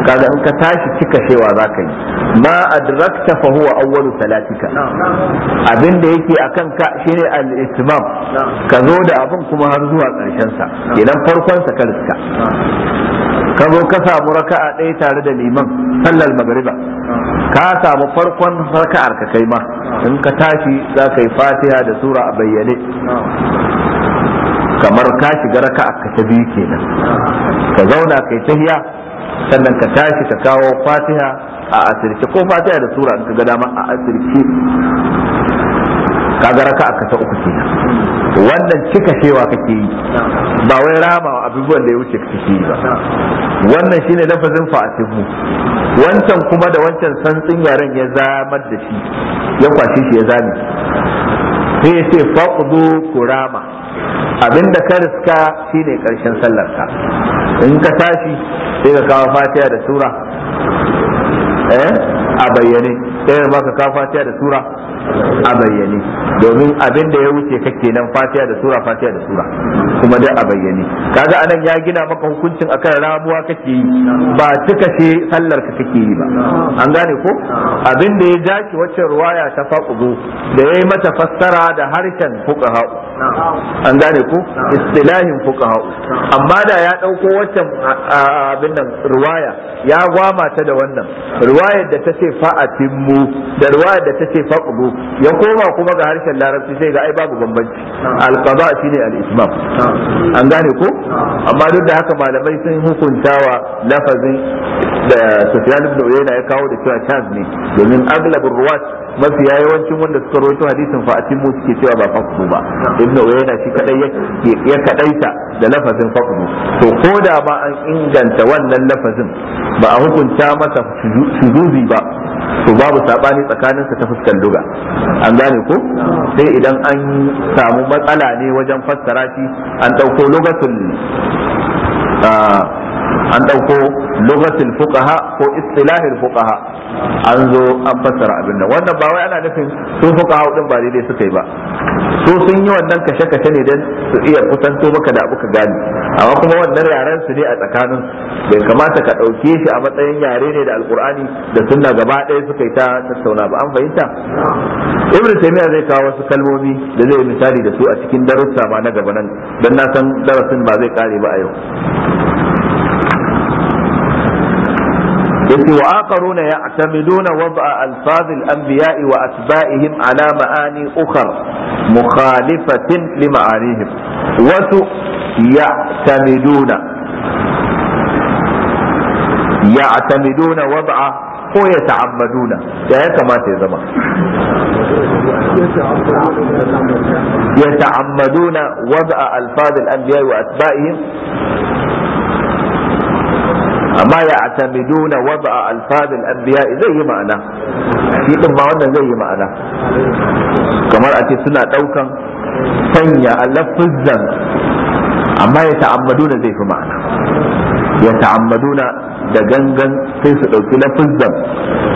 kaga in ka tashi cika cewa zaka yi ma adrakta fa huwa awwalu salatika abin da yake akan ka shine al-itmam ka zo da abin kuma har zuwa ƙarshen sa idan farkon sa ka riska ka zo ka samu raka'a ɗaya tare da liman sallar magriba ka samu farkon raka'ar ka kai ma in ka tashi za ka yi fatiha da sura a bayyane kamar ka shiga raka'ar ka ta biyu kenan ka zauna kai tahiya sannan ka tashi ka kawo fatiha a asirce ko fatiha da sura in ka ga dama a asirce kaga raka ka ta uku kenan wannan cika cewa kake yi ba wai rama abubuwan da ya wuce kake yi ba wannan shine lafazin fa'atihu wancan kuma da wancan santsin yaren ya zamar da shi ya kwashe shi ya zame sai ya ce fa'udu kurama abinda ka riska shine karshen sallar ka in ka tashi sai ka kawo fatiha da sura eh a bayyane ɗaya baka ka kawo fatiha da sura a bayyane domin abin da ya wuce ka kenan fatiha da sura fatiha da sura kuma dai a bayyane kaga anan ya gina maka hukuncin akan rabuwa kake yi ba cika ce sallar ka kake yi ba an gane ko abin da ya dace wacce ruwaya ta faqudu da yayi mata fassara da harshen fuqaha an gane ko istilahin fuqaha amma da ya dauko wacce abin nan ruwaya ya gwama ta da wannan ruwayar da ta ce fa'atimmu da ruwa da ta ce faqdu ya koma kuma ga harshen larabci sai ga ai babu bambanci alqada shine al-ismam an gane ko amma duk da haka malamai sun hukuntawa lafazin da Sufyan ibn Uyayna ya kawo da cewa chaz ne domin aglabur ruwat mafiya yawancin wanda suka rawaito hadisin fa atimmu suke cewa ba faqdu ba ibn Uyayna shi kadai ya kadaita da lafazin faqdu to ko da ma an inganta wannan lafazin ba a hukunta masa shuduzi ba to babu sabani tsakanin ta fuskar luga an gane ko sai idan an samu matsala ne wajen fassara shi an dauko lugatul ah, an ɗauko lugatul fuqaha ko istilahil fuqaha an zo an fassara abin nan wannan ba wai ana nufin su fuqaha din ba daidai suka yi ba su sun yi wannan kashe kashe ne dan su iya kusanto maka da abu gani amma kuma wannan yaren su ne a tsakanin bai kamata ka ɗauke shi a matsayin yare ne da alkur'ani da sunna gaba ɗaya suka yi ta tattauna ba an fahimta ibnu taymiya zai kawo wasu kalmomi da zai misali da su a cikin darussa ma na gaba nan dan na san darasin ba zai kare ba a yau يقول وآخرون يعتمدون وضع ألفاظ الأنبياء وأتباعهم على معاني أخرى مخالفة لمعانيهم وسو يعتمدون يعتمدون وضع او يتعمدون يا يعني كما تزمع يتعمدون وضع ألفاظ الأنبياء وأتباعهم amma ya atamiduna wada alfaz al-anbiya zai yi ma'ana shi din ma wannan zai yi ma'ana kamar a ce suna daukan sanya lafzan amma ya ta'ammaduna zai fi ma'ana ya ta'ammaduna da gangan sai su dauki lafzan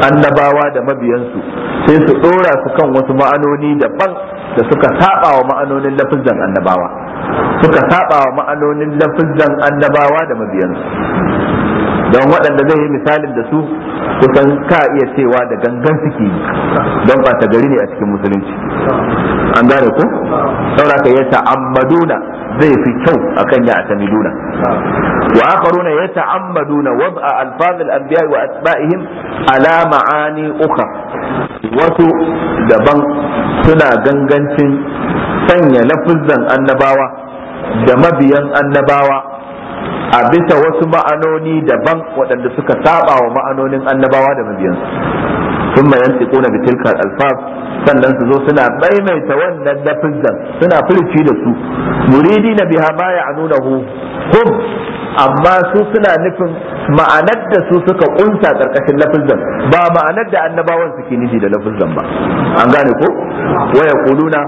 annabawa da mabiyansu sai su dora su kan wasu ma'anoni daban da suka saba wa ma'anonin lafizan annabawa suka saba wa ma'anonin lafizan annabawa da mabiyansu don waɗanda zai yi misalin da su kusan ka iya cewa da gangan suke yi don ɓata gari ne a cikin musulunci an gane ku saura ka ya ta'ammaduna zai fi kyau a kan ya miluna wa akharuna ya ta'ammaduna wad'a alfazil al-anbiya wa asba'ihim ala ma'ani uka. wasu daban suna gangancin sanya lafuzan annabawa da mabiyan annabawa a bisa wasu ma'anoni daban waɗanda suka saba wa ma'anonin annabawa da mabiyansu sun bayan na bitilkar alfaf sannan su zo suna maimaita wannan lafizan suna furci da su muridi na biha baya a nuna hu. amma su suna nufin ma'anar da su suka kunsa karkashin lafizan ba ma'anar da annabawan suke nufi da lafizan ba an gane ko waya kuluna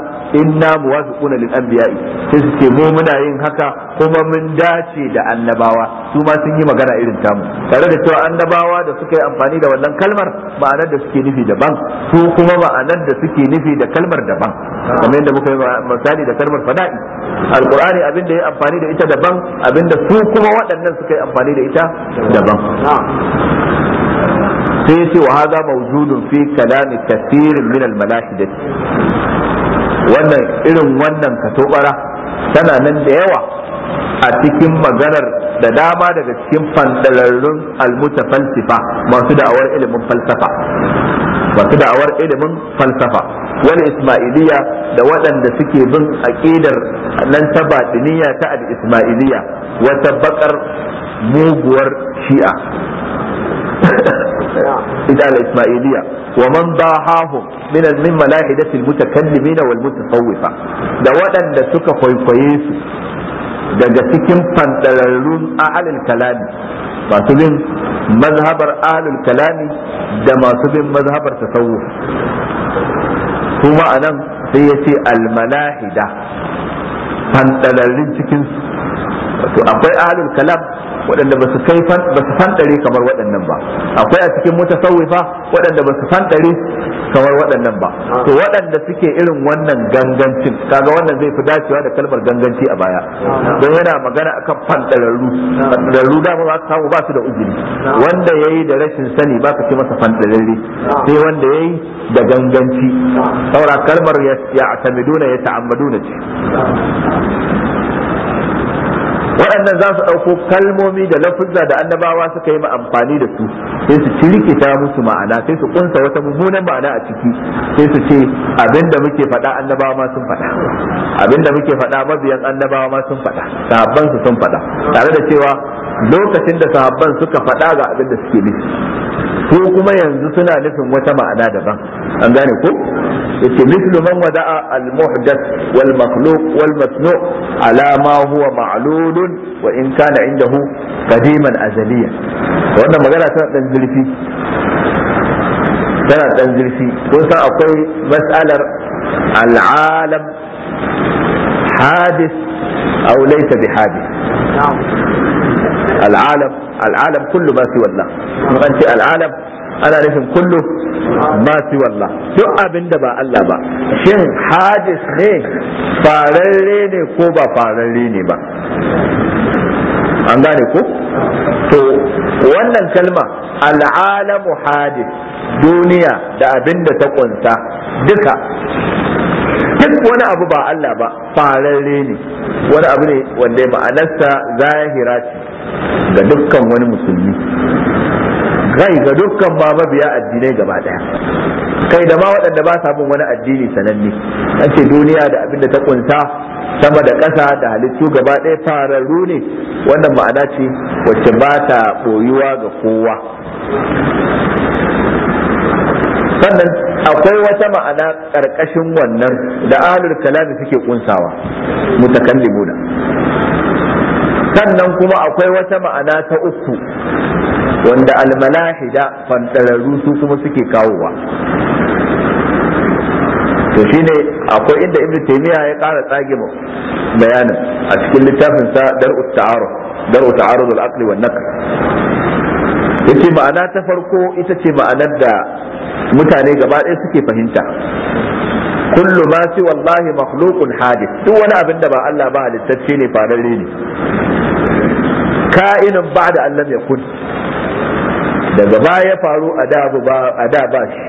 inna muwafiquna lil anbiya sai su ce mu muna yin haka kuma mun dace da annabawa su ma sun yi magana irin tamu tare da cewa annabawa da suka yi amfani da wannan kalmar ma'anar da suke nufi daban su kuma ma'anar da suke nufi da kalmar daban kamar yadda muka yi misali da kalmar fada'i alqur'ani abinda da ya amfani da ita daban abinda su kuma waɗannan suka yi amfani da ita daban sai yace wa haza mawjudun fi kalami kathirin min al wannan irin wannan katobara tana nan da yawa a cikin maganar da dama daga cikin fandalarrun almutafalsifa masu da'awar ilimin falsafa masu da'awar ilimin falsafa Wani isma'iliya da waɗanda suke bin aƙidar nan ta batiniya ta al isma'iliya wata bakar muguwar shi'a ita al isma'iliya wa man bahahum min al min malaihidati al wal mutasawwifa da waɗanda suka kwaikwaye su daga cikin fantararrun ahalul kalami masu bin mazhabar ahalul kalami da masu bin mazhabar tasawuf Kuma anan sai ya ce almalahida fantalarrin cikinsu. wato akwai ahlul kalam waɗanda ba su kai ba su kamar waɗannan ba akwai a cikin mutasawwifa waɗanda ba su kamar waɗannan ba to waɗanda suke irin wannan gangancin kaga wannan zai fi dacewa da kalmar ganganci a baya don yana magana akan fandararru fandararru da ba ka samu ba su da uzuri wanda yayi da rashin sani ba ka ce masa fanɗararri, sai wanda yayi da ganganci saura kalmar ya ta'ammaduna ya ta'ammaduna ce waɗannan za su ɗauko kalmomi da lafuzza da annabawa suka yi amfani da su sai su cirikita musu ma'ana sai su kunsa wata mummunan ma'ana a ciki sai su ce abinda muke faɗa annabawa ma sun faɗa abinda muke faɗa mabiyan annabawa ma sun faɗa sahabban su sun faɗa tare da cewa lokacin da sahabban suka faɗa ga abinda suke nufi ko kuma yanzu suna nufin wata ma'ana daban an gane ko yake mislu man wada'a al-muhdath wal makhluq wal masnu' ala ma huwa ma'lul wa in kana indahu qadiman azaliyan wannan magana tana dan zurfi tana dan zurfi kun san akwai mas'alar al-alam hadith aw laysa bi hadith العالم العالم كله ما سوى الله العالم انا نفهم كله ma su wallah duk abin da ba Allah ba shin hadis ne fararre ne ko ba fararre ne ba an gane ko to wannan kalma al'alamu hadis duniya da abin da ta kunsa duka duk wani abu ba Allah ba fararre ne wani abu ne wanda ma'anarsa zahira ce ga dukkan wani musulmi gai ga dukkan ba mabiya addinai gaba daya kai da ma waɗanda ba sa bin wani addini sananne an ce duniya da abin da ta kunsa sama da ƙasa da halittu gaba ɗaya fararru ne wannan ma'ana ce wacce ba ta ɓoyuwa ga kowa sannan akwai wata ma'ana ƙarƙashin wannan da ahlul kalami suke kunsawa mutakallimuna sannan kuma akwai wata ma'ana ta uku wanda almalahida fantararru su kuma suke kawowa to shine akwai inda ibnu taymiya ya ƙara tsage bayanin a cikin littafin sa dar'u ta'arud dar'u ta'arud al-aql wa naql yace ma'ana ta farko ita ce ma'anar da mutane gaba ɗaya suke fahimta kullu ma wallahi makhluqun hadith duk wani abin da ba Allah ba halittacce ne fararre ne ka'inun ba'da Allah ya kun daga baya ya faru a da ba a da ba shi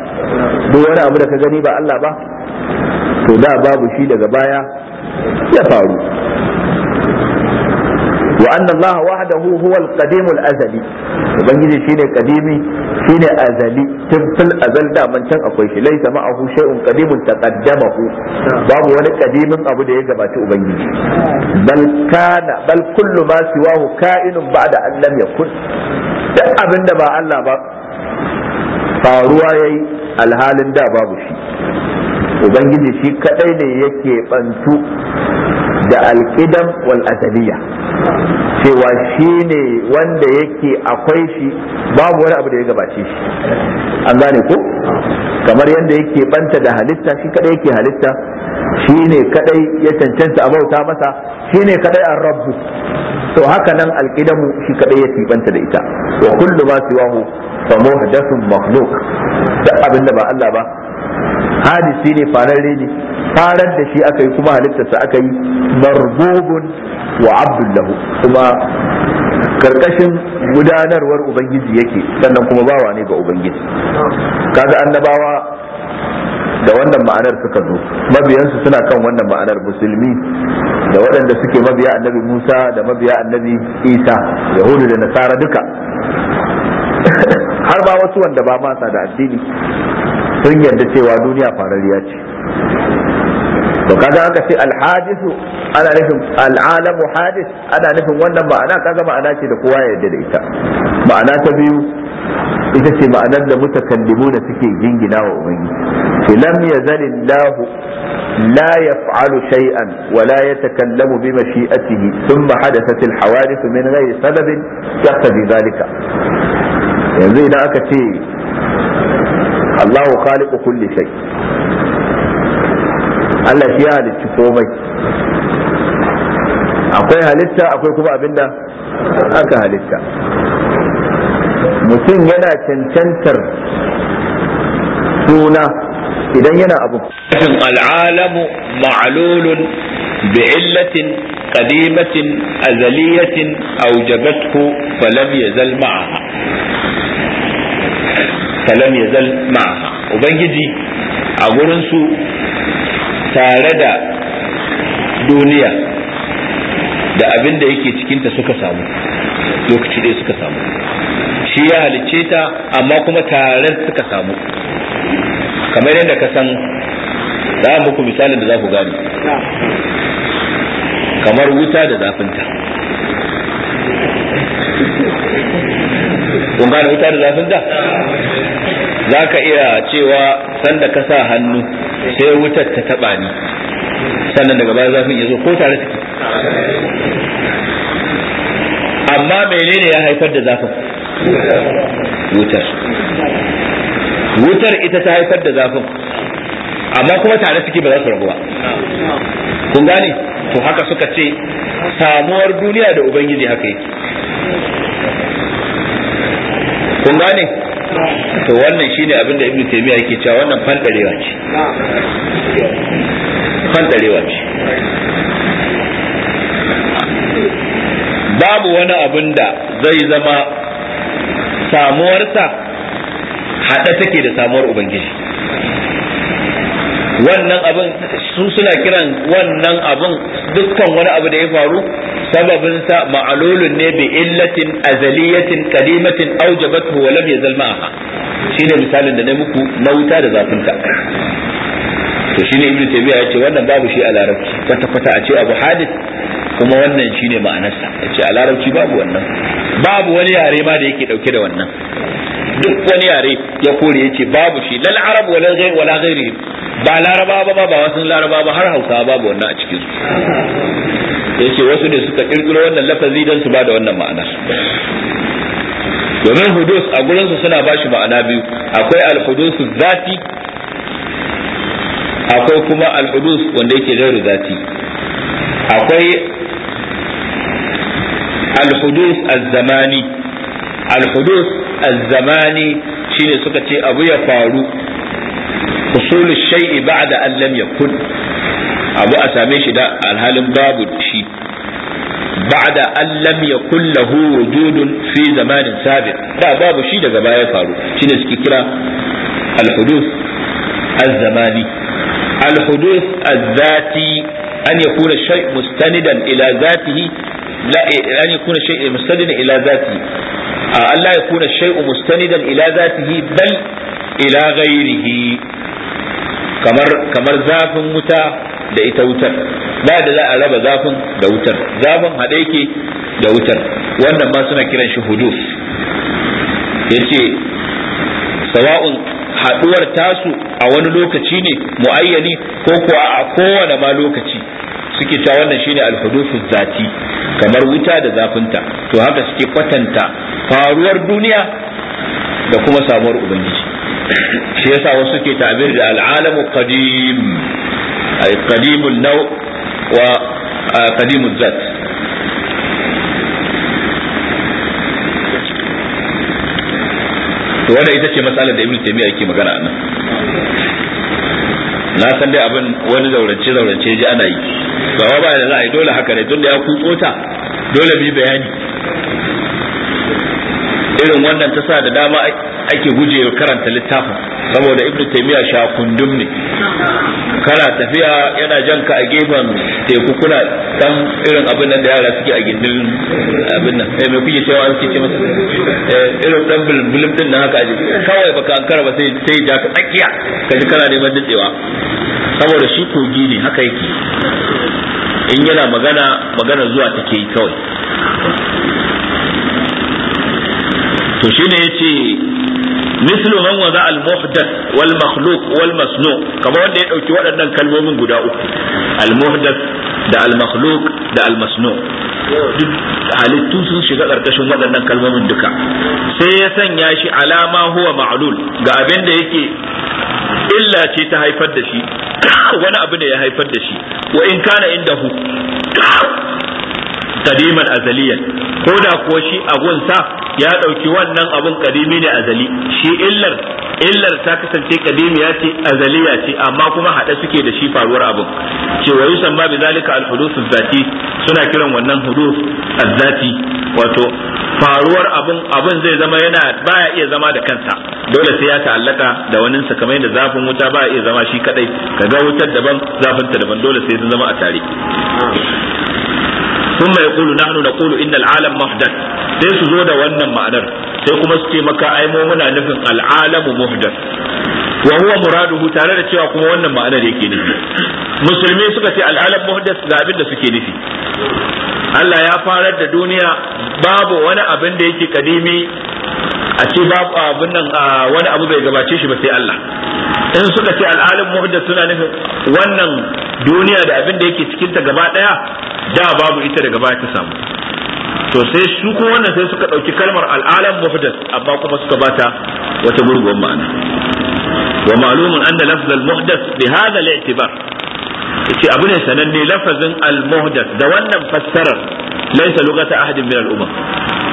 duk wani abu da ka gani ba Allah ba to da babu shi daga baya ya faru wa anna Allah wahdahu huwa al-qadim al-azali ubangiji shine azali tun fil azal da man can akwai shi laisa ma'ahu shay'un qadimun taqaddamahu babu wani qadimin abu da ya gabaci ubangiji bal kana bal kullu ma siwahu ka'inun ba'da an lam yakun duk abinda ba Allah ba faruwa yayi alhalin da babu shi ubangiji shi kaɗai ne yake bantu da alƙidam wal azaliya cewa shine wanda yake akwai shi babu wani abu da ya gabace shi an gane ko kamar yadda yake banta da halitta shi kadai yake halitta shi kadai ya cancanta a bauta masa shi ne kadai an rabbu to haka nan alƙidamu shi kadai ya banta da ita wa kullu ma siwahu fa muhdathun makhluq da abin da ba Allah ba hadisi ne fararre ne farar da shi aka yi kuma halittarsa aka yi marbubun wa abdullahu kuma karkashin gudanarwar ubangiji yake sannan kuma bawa ne ga ubangiji kaga annabawa da wannan ma'anar suka zo mabiyansu suna kan wannan ma'anar musulmi da waɗanda suke mabiya annabi musa da mabiya annabi isa yahudu da nasara duka har ba wasu wanda ba masa da addini sun yarda cewa duniya farariya ce to kaga aka ce alhadisu ana nufin al'alamu hadis ana nufin wannan ma'ana kaga ma'ana ce da kowa ya yarda da ita ma'ana ta biyu ita ce ma'anar da mutakallimu da suke jingina wa ubangiji ce lam yazalillahu لا يفعل شيئا ولا يتكلم بمشيئته ثم حدثت الحوادث min غير sababin تقتضي ذلك yanzu idan aka ce Allah khaliqu kulli shay Allah shi ya halicci komai akwai halitta akwai kuma abinda aka halitta mutum yana cancantar suna idan yana abu kashin al'alamu ma'lulun bi'illatin قديمة أزلية أوجبته فلم يزل معها فلم يزل مع ubangiji a su tare da duniya da abin da yake cikinta suka samu lokaci ɗaya suka samu shi ya halicce ta amma kuma tare suka samu kamar yadda ka san za muku misalin da za ku gane kamar wuta da zafinta kun gane wuta da zafinta za ka iya cewa sanda ka sa hannu sai wutar ta taba ni sannan daga baya zafin ya zo ko tare suke amma menene ya haifar da zafin wutar wutar ita ta haifar da zafin amma kuma tare suke ba za su rabu ba kun gane to haka suka ce samuwar duniya da ubangiji haka yake kun gane to wannan shine abin da ibnu taymiya yake cewa wannan fandarewa ce fandarewa ce babu wani abin da zai zama samuwarsa haɗa take da samuwar ubangiji wannan abin su suna kiran wannan abin dukkan wani abu da ya faru sababinsa ma'alulun ne bi illatin azaliyatin qadimatin aujabathu wa lam yazal ma'aha shine misalin da na muku na wuta da zafin ta to shine ibnu taymiya yace wannan babu shi a larabci kwata kwata a ce abu hadith kuma wannan shine ma'anarsa yace a larabci babu wannan babu wani yare ma da yake dauke da wannan duk wani yare ya kore yace babu shi lal arab wala ghayr wala ghayrihim ba laraba ba ba wasu laraba ba har hausa babu wannan a cikin su yace wasu ne suka kirkiro wannan lafazi don su bada wannan ma'ana domin hudus a gurinsu suna suna bashi ma'ana biyu akwai al zati akwai kuma al-hudus wanda yake gairu zati akwai al-hudus az-zamani al zamani shine suka ce abu ya faru usul shay'i ba'da an lam yakun abu a same shi da alhalin babu shi ba'da an lam yakul lahu wujudun fi zamanin sabiq da babu shi daga baya faru shine suke kira al hudus az-zamani al hudus az-zati an yakuna shay mustanidan ila zatihi la an yakuna shay mustanidan ila zatihi Allah yakuna shay mustanidan ila zatihi bal ila ghairihi kamar kamar zafin wuta da ita wutar ba da za a raba zafin da wutar zafin haɗe ke da wutar wannan ma suna kiran shi hudus ce, sawa'un haɗuwar tasu a wani lokaci ne muayyani ko kuwa a kowane ma lokaci suke ta wannan shine ne zati kamar wuta da zafinta to haka suke kwatanta faruwar duniya da kuma samuwar ubangiji shi yasa wasu ke tabir da al'alamu qadim ay qadimul naw wa qadimul zat to wanda ita ce matsalar da ibnu taymiya yake magana anan na san dai abin wani zaurace zaurace ji ana yi ba ba da za a yi dole haka ne da ya kutso ta dole bi bayani irin wannan ta sa da dama ake guje karanta littafin saboda ibn taymiya sha kundum ne kana tafiya yana janka a gefen teku kuna dan irin abin nan da yara suke a gindin abin nan eh me kuke cewa an ce masa eh, irin dan bulbulum din nan haka aje kawai baka ankara ba sai sai ja ka tsakiya kaji kana neman dutsewa saboda shi kogi ne haka yake in yana magana magana zuwa take yi kawai to shine yace mislu man waza al muhdath wal makhluq wal masnu kamar wanda ya ɗauki waɗannan kalmomin guda uku al muhdath da al makhluq da al halittu sun shiga karkashin waɗannan kalmomin duka sai ya sanya shi alama huwa ma'lul ga abin da yake illa ce ta haifar da shi wani abu ne ya haifar da shi wa in kana indahu qadiman azaliyan ko da kuwa shi agunsa ya ɗauki wannan abun kadimi ne azali shi illar illar ta kasance ya ce azaliya ce amma kuma haɗe suke da shi faruwar abun ce wa yusan ba bi zalika al zati suna kiran wannan huduth zati wato faruwar abun abun zai zama yana baya iya zama da kansa dole sai ya ta'allaka da wani kamar yadda zafin wuta baya iya zama shi kadai kaga wutar daban zafin ta daban dole sai sun zama a tare na yaqulu nahnu naqulu innal al'alam muhdath sai su zo da wannan ma'anar sai kuma su ce maka ai mu muna nufin al'alamu alamu muhdath wa huwa muraduhu tare da cewa kuma wannan ma'anar yake nufi musulmi suka ce al'alam ga abin da suke nufi Allah ya farar da duniya babu wani abin da yake kadimi a ce babu abin nan wani abu bai gabace shi ba sai Allah in suka ce al'alim muhdath suna nufin wannan duniya da abin da yake cikin ta gaba daya da babu ita daga baya ta samu to sai su kuma wannan sai suka ɗauki kalmar al'alam muhdas, amma kuma suka bata wata gurguwar ma'ana wa ma'lumun anna lafz al-muhdath bi hadha al-i'tibar yace abu ne sananne lafazin al muhdas da wannan fassarar laysa lugata ahadin min al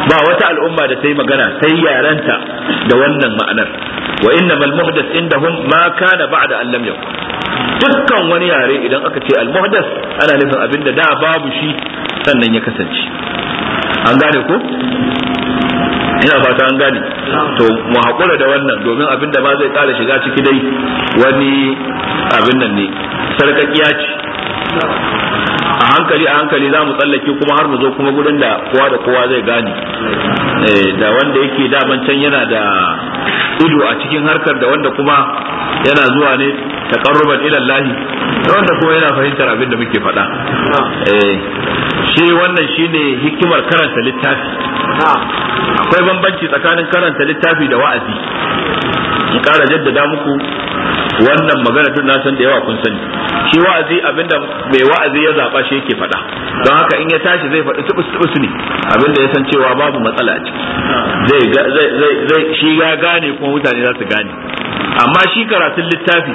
ba wata al'umma da ta yi magana sai yaranta da wannan ma'anar wa innamal muhdath indahum ma kana ba'da an lam yakun dukkan wani yare idan aka ce al muhdath ana nufin abinda da babu shi sannan ya kasance an gane ko ina fata an gane to mu haƙura da wannan domin abin da ba zai kare shiga ciki dai wani abin nan ne sarkakiya ce a hankali a hankali za mu tsallake kuma har mu zo kuma gudun da kowa da kowa zai gane eh, da wanda yake daman can yana da ido a cikin harkar da wanda kuma yana zuwa ne taqarruban ila ilallahi da wanda kuma yana fahimtar abin da muke faɗa eh, shi wannan shi ne hikimar karanta littafi akwai bambanci tsakanin karanta littafi da wa'azi in ƙara jaddada muku wannan magana duk na san da yawa kun sani shi wa'azi abinda mai wa'azi ya zaba shi yake faɗa don haka in ya tashi zai faɗi tubus tubus ne abinda ya san cewa babu matsala a ciki zai zai zai shi ya gane kuma mutane za su gane amma shi karatun littafi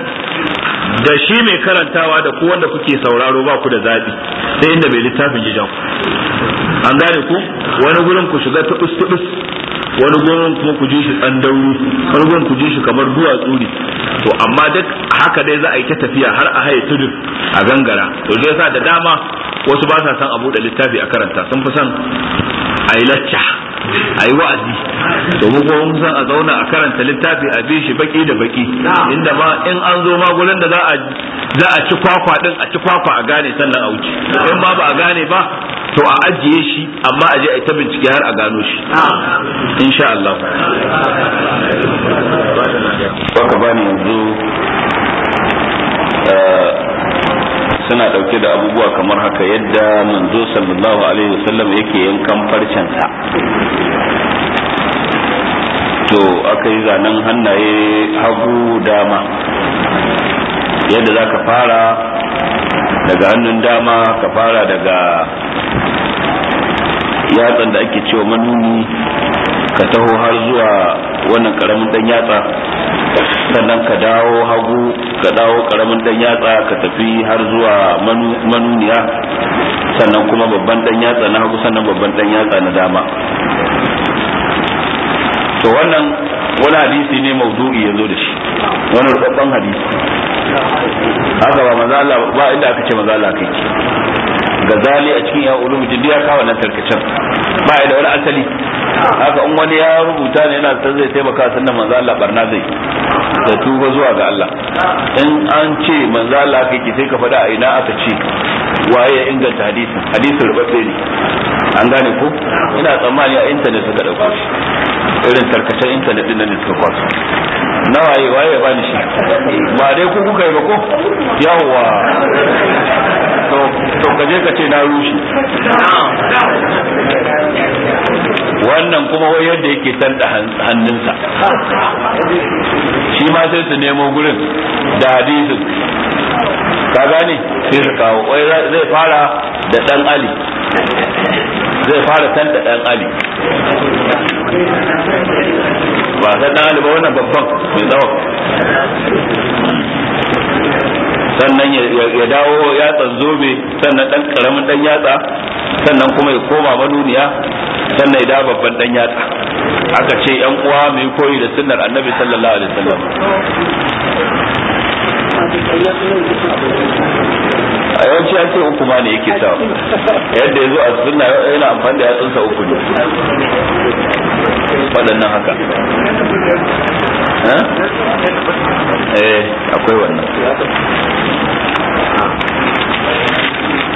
da shi mai karantawa da ku wanda kuke sauraro ba ku da zabi sai inda mai littafin ya an gane ku wani gurin ku shiga tubus tubus wani gurin kuma ku ji shi dan dauru wani gurin ku je shi kamar duwatsu ne to amma duk haka dai za a yi ta tafiya har a haye tudun a gangara to dai sa da dama wasu ba sa son a buɗe littafi a karanta sun fi son a yi lacca a yi wa'azi domin kuma mun san a zauna a karanta littafi a bi shi baki da baki inda ma in an zo ma da za a za a ci kwakwa din a ci kwakwa a gane sannan a wuce in ma ba a gane ba to a ajiye shi amma a je a ta bincike har a gano shi insha Allah ka bani yanzu eh, suna ɗauke da abubuwa kamar haka yadda manzo sallallahu alaihi wasallam yake yankan farcen farcensa to aka yi zanen hannaye hagu dama yadda za ka fara daga hannun dama ka fara daga yatsan da ake cewa manuni ka taho har zuwa wannan ƙaramin ɗan yatsa sannan ka dawo hagu ka dawo karamin dan yatsa ka tafi har zuwa manuniya sannan kuma babban dan yatsa na hagu sannan babban dan yatsa na dama to wannan wani hadisi ne maudu'i ya zo da shi wani rubabban hadisi haka ba maza ba inda aka ce maza Allah kai gazali a cikin ya ulum jiddiya ka wannan tarkacen ba da wani asali haka in wani ya rubuta ne yana ta zai taimaka sannan manzo Allah barna zai da tuba zuwa ga Allah in an ce manzo Allah ki sai ka faɗa a ina aka ce waye ya inganta hadisin hadisin rubabbe ne an gane ko ina tsammani a intanet suka dauko shi irin tarkacen intanet din nan suka kwaso na waye waye ba ni shi ba dai ku kuka yi ba ko yawwa to kaje ka ce na rushe wannan kuma wai yadda yake tanda hannunsa shi ma sai su nemo gurin da hadisin ka gane sai su kawo wai zai fara da dan ali zai fara tanda dan ali ba san dan ali ba wannan babban mai tsawon sannan ya dawo yatsan zobe sannan dan karamin dan yatsa sannan kuma ya koma manuniya sannan da babban dan yatsa aka ce yan uwa mai koyi da sunnar annabi sallallahu alaihi wasallam a yawanci an ce uku ma ne yake sa yadda ya zo a sunna yana amfani da yatsunsa uku ne waɗannan haka eh akwai wannan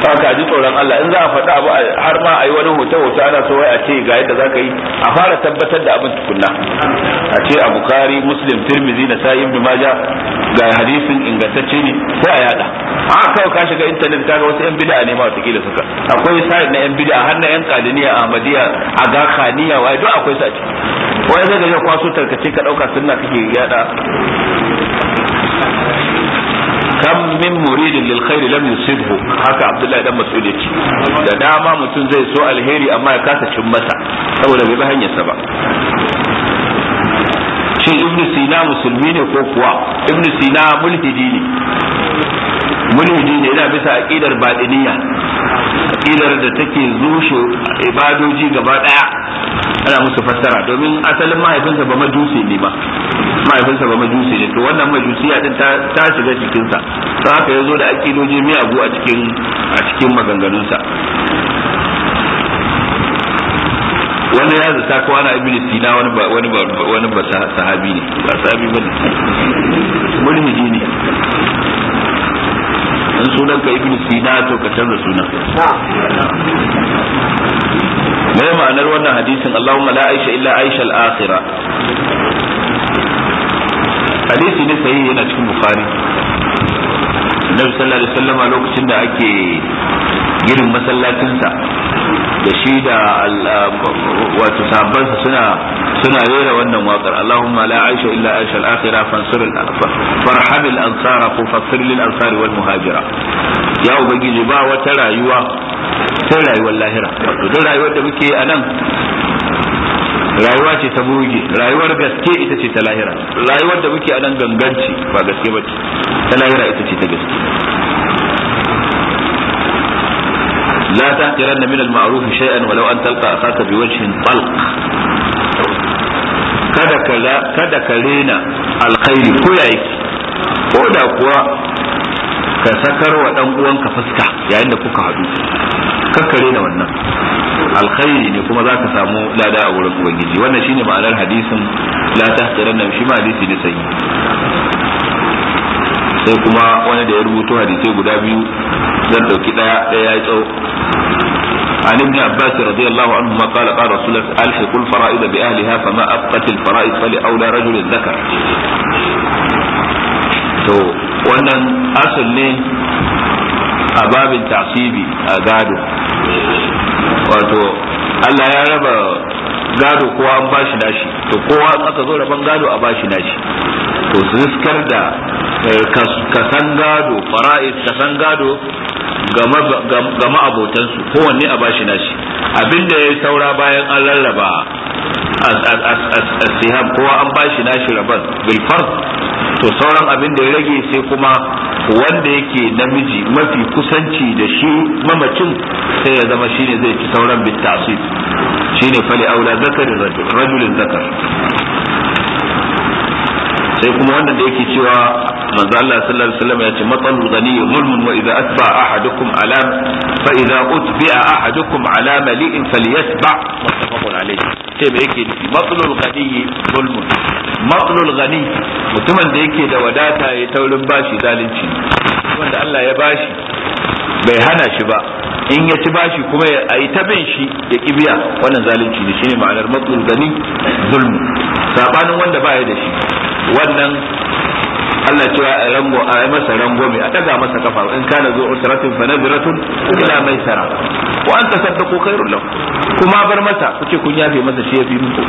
haka ji tsoron Allah in za a faɗa abu har ma a yi wani hoto hoto ana so wai a ce ga yadda za ka yi a fara tabbatar da abin tukunna a ce a bukari muslim na sa'ib ibn maja ga hadisin ingantacce ne sai a yada a kawai ka shiga intanet ga wasu yan bid'a ne ma wata suka akwai sa'id na yan bid'a har na yan kaliniya ahmadiyya ga kaniya wai duk akwai sa wai zai ga kwaso tarkace ka ɗauka sunna kake yada kam min muridin lil khairi lam yusibhu haka abdullahi dan mas'ud yake da dama mutum zai so alheri amma ya kasa cin masa saboda bai bi hanyarsa ba shin ibnu sina musulmi ne ko kuwa ibnu sina mulhidi ne mulhidi ne yana bisa aqidar badiniya aqidar da take zushe ibadoji gaba daya ana musu fassara domin asalin mahaifinsa ba majusi ne ba mahaifinsa ba majusi ne to wannan majusiya din ta shiga cikin sa to haka yazo da aqidoji miyagu a cikin a cikin maganganun sa ya zata ko ana ibn sina wani ba wani ba wani ba sahabi ne ba sahabi bane mulhidi ne in sunan ka ibn sina to ka canza sunan me ma'anar wannan hadisin Allahumma la aisha illa aisha al-akhira hadisi ne sahihi yana cikin bukhari Annabi sallallahu alaihi wasallam lokacin da ake girin masallacinsa da shi da ah, wato sabban suna suna rera wannan waƙar Allahumma la aisha illa aisha al-akhira fansur farham al-ansara ko fasir lil ansari wal muhajira ya ubangiji ba wata rayuwa sai rayuwar lahira wato duk rayuwar da muke a nan rayuwa ce ta burge rayuwar gaske ita ce ta lahira rayuwar da muke a nan ganganci ba gaske ba ce ta lahira ita ce ta gaske la tahqiranna min al-ma'ruf shay'an walau an talqa akaka bi wajhin talq kada ka kada ka rena alkhairi ko ya yayi ko da kuwa ka sakar wa dan uwanka fuska yayin da kuka hadu kakkare rena wannan alkhairi ne kuma za ka samu lada a wurin ubangiji wannan shine ma'anar hadisin la tahqiranna shi ma hadisi ne sai sai kuma wani da ya rubuto hadisai guda biyu zan dauki daya daya ya tsawo عن ابن عباس رضي الله عنهما قال قال رسول الله ألحقوا الفرائض بأهلها فما أبقت الفرائض فلأولى رجل ذكر to wannan asal ne a tasibi a gado wato Allah ya raba gado kowa an bashi nashi to kowa aka zo raban gado a bashi nashi to su da eh, kasan gado fara'is kasan gado ga ma'abotansu kowanne a bashi nashi abinda ya yi saura bayan an lallaba siham kowa an bashi nashi rabar bilfar to sauran abinda ya rage sai kuma wanda yake namiji mafi kusanci da shi mamacin sai ya zama shine zai ci sauran bitasif shine fali aula zakar rajulin zakar sai kuma wannan da yake cewa manzo Allah sallallahu alaihi wasallam ya ce matalul ghani mulmun wa idza atba ahadukum ala fa idza utbi'a ahadukum ala mali'in falyatba muttafaqun alayhi sai me yake nufi matalul ghani mulmun matalul ghani mutumin da yake da wadata ya taurin bashi zalunci wanda Allah ya bashi bai hana shi ba in ya ci bashi kuma a yi ta bin shi ya ki biya wannan zalunci ne shine ma'anar matlul gani zulmu sabanin wanda ba ya da shi wannan Allah ce a rango a yi masa rango mai a daga masa kafa in kana zo usratin fa nadratun ila mai sara wa anta saddaqu khairul lahu kuma bar masa kuke kun yafe masa shi yafi muku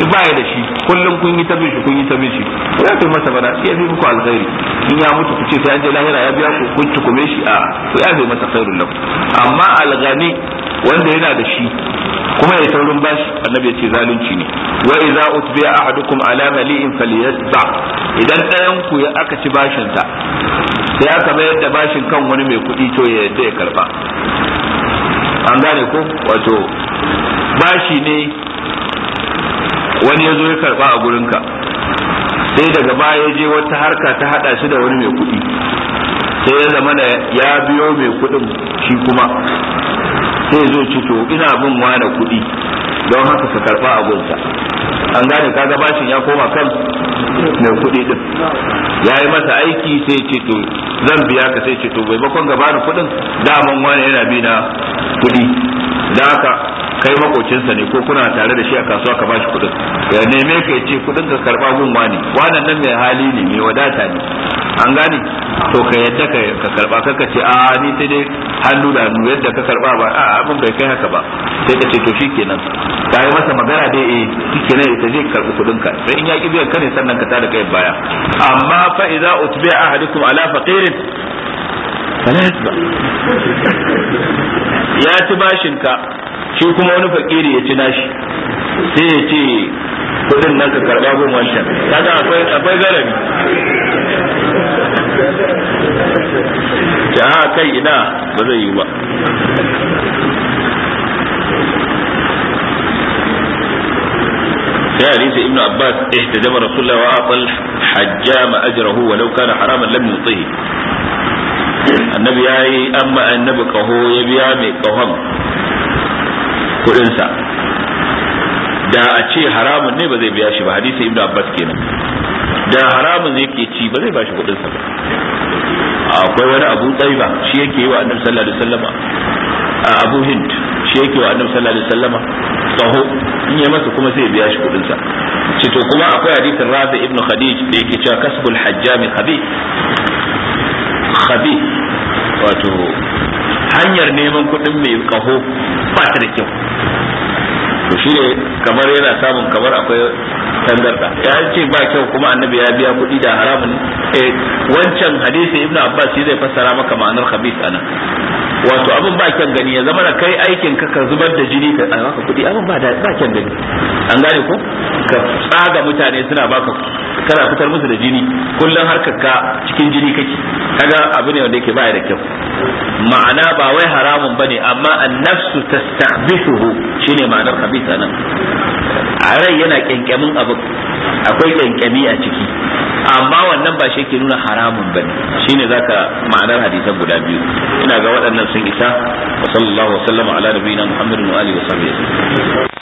in ba ya da shi kullum kun yi tabin shi kun yi tabin shi ya fi masa bana shi yafi muku alkhairi in ya mutu kuce sai an je lahira ya biya ku kun tukume shi a ku yafe masa khairul lahu amma algani wanda yana da shi kuma ya saurin bashi annabi ya ce zalunci ne wa idza utbi ahadukum ala mali'in falyatba idan ɗayan ku ya aka ci bashin ta sai aka mayar da bashin kan wani mai kuɗi to ya yadda ya karba an gane ko wato bashi ne wani ya zo ya karba a gurin ka. sai daga baya ya je wata harka ta hada shi da wani mai kuɗi sai ya zama ya biyo mai kuɗin shi kuma sai zo cito ina bin wani kuɗi don haka ka karɓa abunsa an gane kaga bashin ya koma kan mai kuɗi din ya yi masa aiki sai ce zan biya ka sai ce to bai bakon gaba da kuɗin daman wani yana bi na kuɗi da haka kai makocinsa ne ko kuna tare da shi a kasuwa ka bashi kuɗin ya neme ka ya ce kuɗin ka karba gun wani wannan nan mai hali ne mai wadata ne an gane to ka yadda ka karɓa kaka ce a ni sai dai hannu da hannu yadda ka karba ba a abin bai kai haka ba sai ka ce to shi kenan ka yi masa magana dai eh shi kenan ita zai karɓi kuɗin ka sai in ya ki biyan ka ne sannan ka tada kai baya amma fa idza utbi'a ahadukum ala faqirin ya ci bashin ka shi kuma wani fakiri ya ci nashi sai ya ce kudin nan ka karba gun wancan kaga akwai akwai garabi ta ah, kai ina ba zai yi ba sai hadisi ibnu abbas ihtajama rasulullah wa aqal hajjama ajrahu wa law kana haraman lam yutih annabi yayi amma annabi qaho ya biya mai qahon kuɗinsa da a ce haramun ne ba zai biya shi ba hadisi ibnu abbas kenan da haramun ne ke ci ba zai ba shi kuɗinsa ba akwai wani abu ba shi yake yi wa annabi sallallahu alaihi wasallam abu hind shi yake wa annabi sallallahu alaihi wasallam tsaho in ya masa kuma sai biya shi kuɗinsa ce to kuma akwai hadisin rabi ibnu khadij da yake cewa kasbul hajjami khabith khabith wato hanyar neman kuɗin mai kaho ba ta da kyau to shi ne kamar yana samun kamar akwai tangarda ya ce ba kyau kuma annabi ya biya kuɗi da haramun eh, wancan hadisi ibnu abbas shi zai fassara maka ma'anar khabith anan wato abin ba kyan gani ya zama da kai aikin ka ka zubar da jini ka baka kuɗi abin ba da ba kyan gani an gane ko ka tsaga mutane suna baka kana fitar musu da jini kullum harkar ka cikin jini kake kaga abu ne wanda yake baya da kyau ma'ana ba wai haramun bane amma annafsu tastahbisuhu shine ma'anar khabisa nan a rai yana kyankyamin abu akwai kyankyami a ciki amma wannan ba shi ke nuna haramun bane shine zaka ma'anar hadisan guda biyu ina ga waɗannan sun isa wa sallallahu wa sallama ala nabiyina muhammadin wa alihi wa sahbihi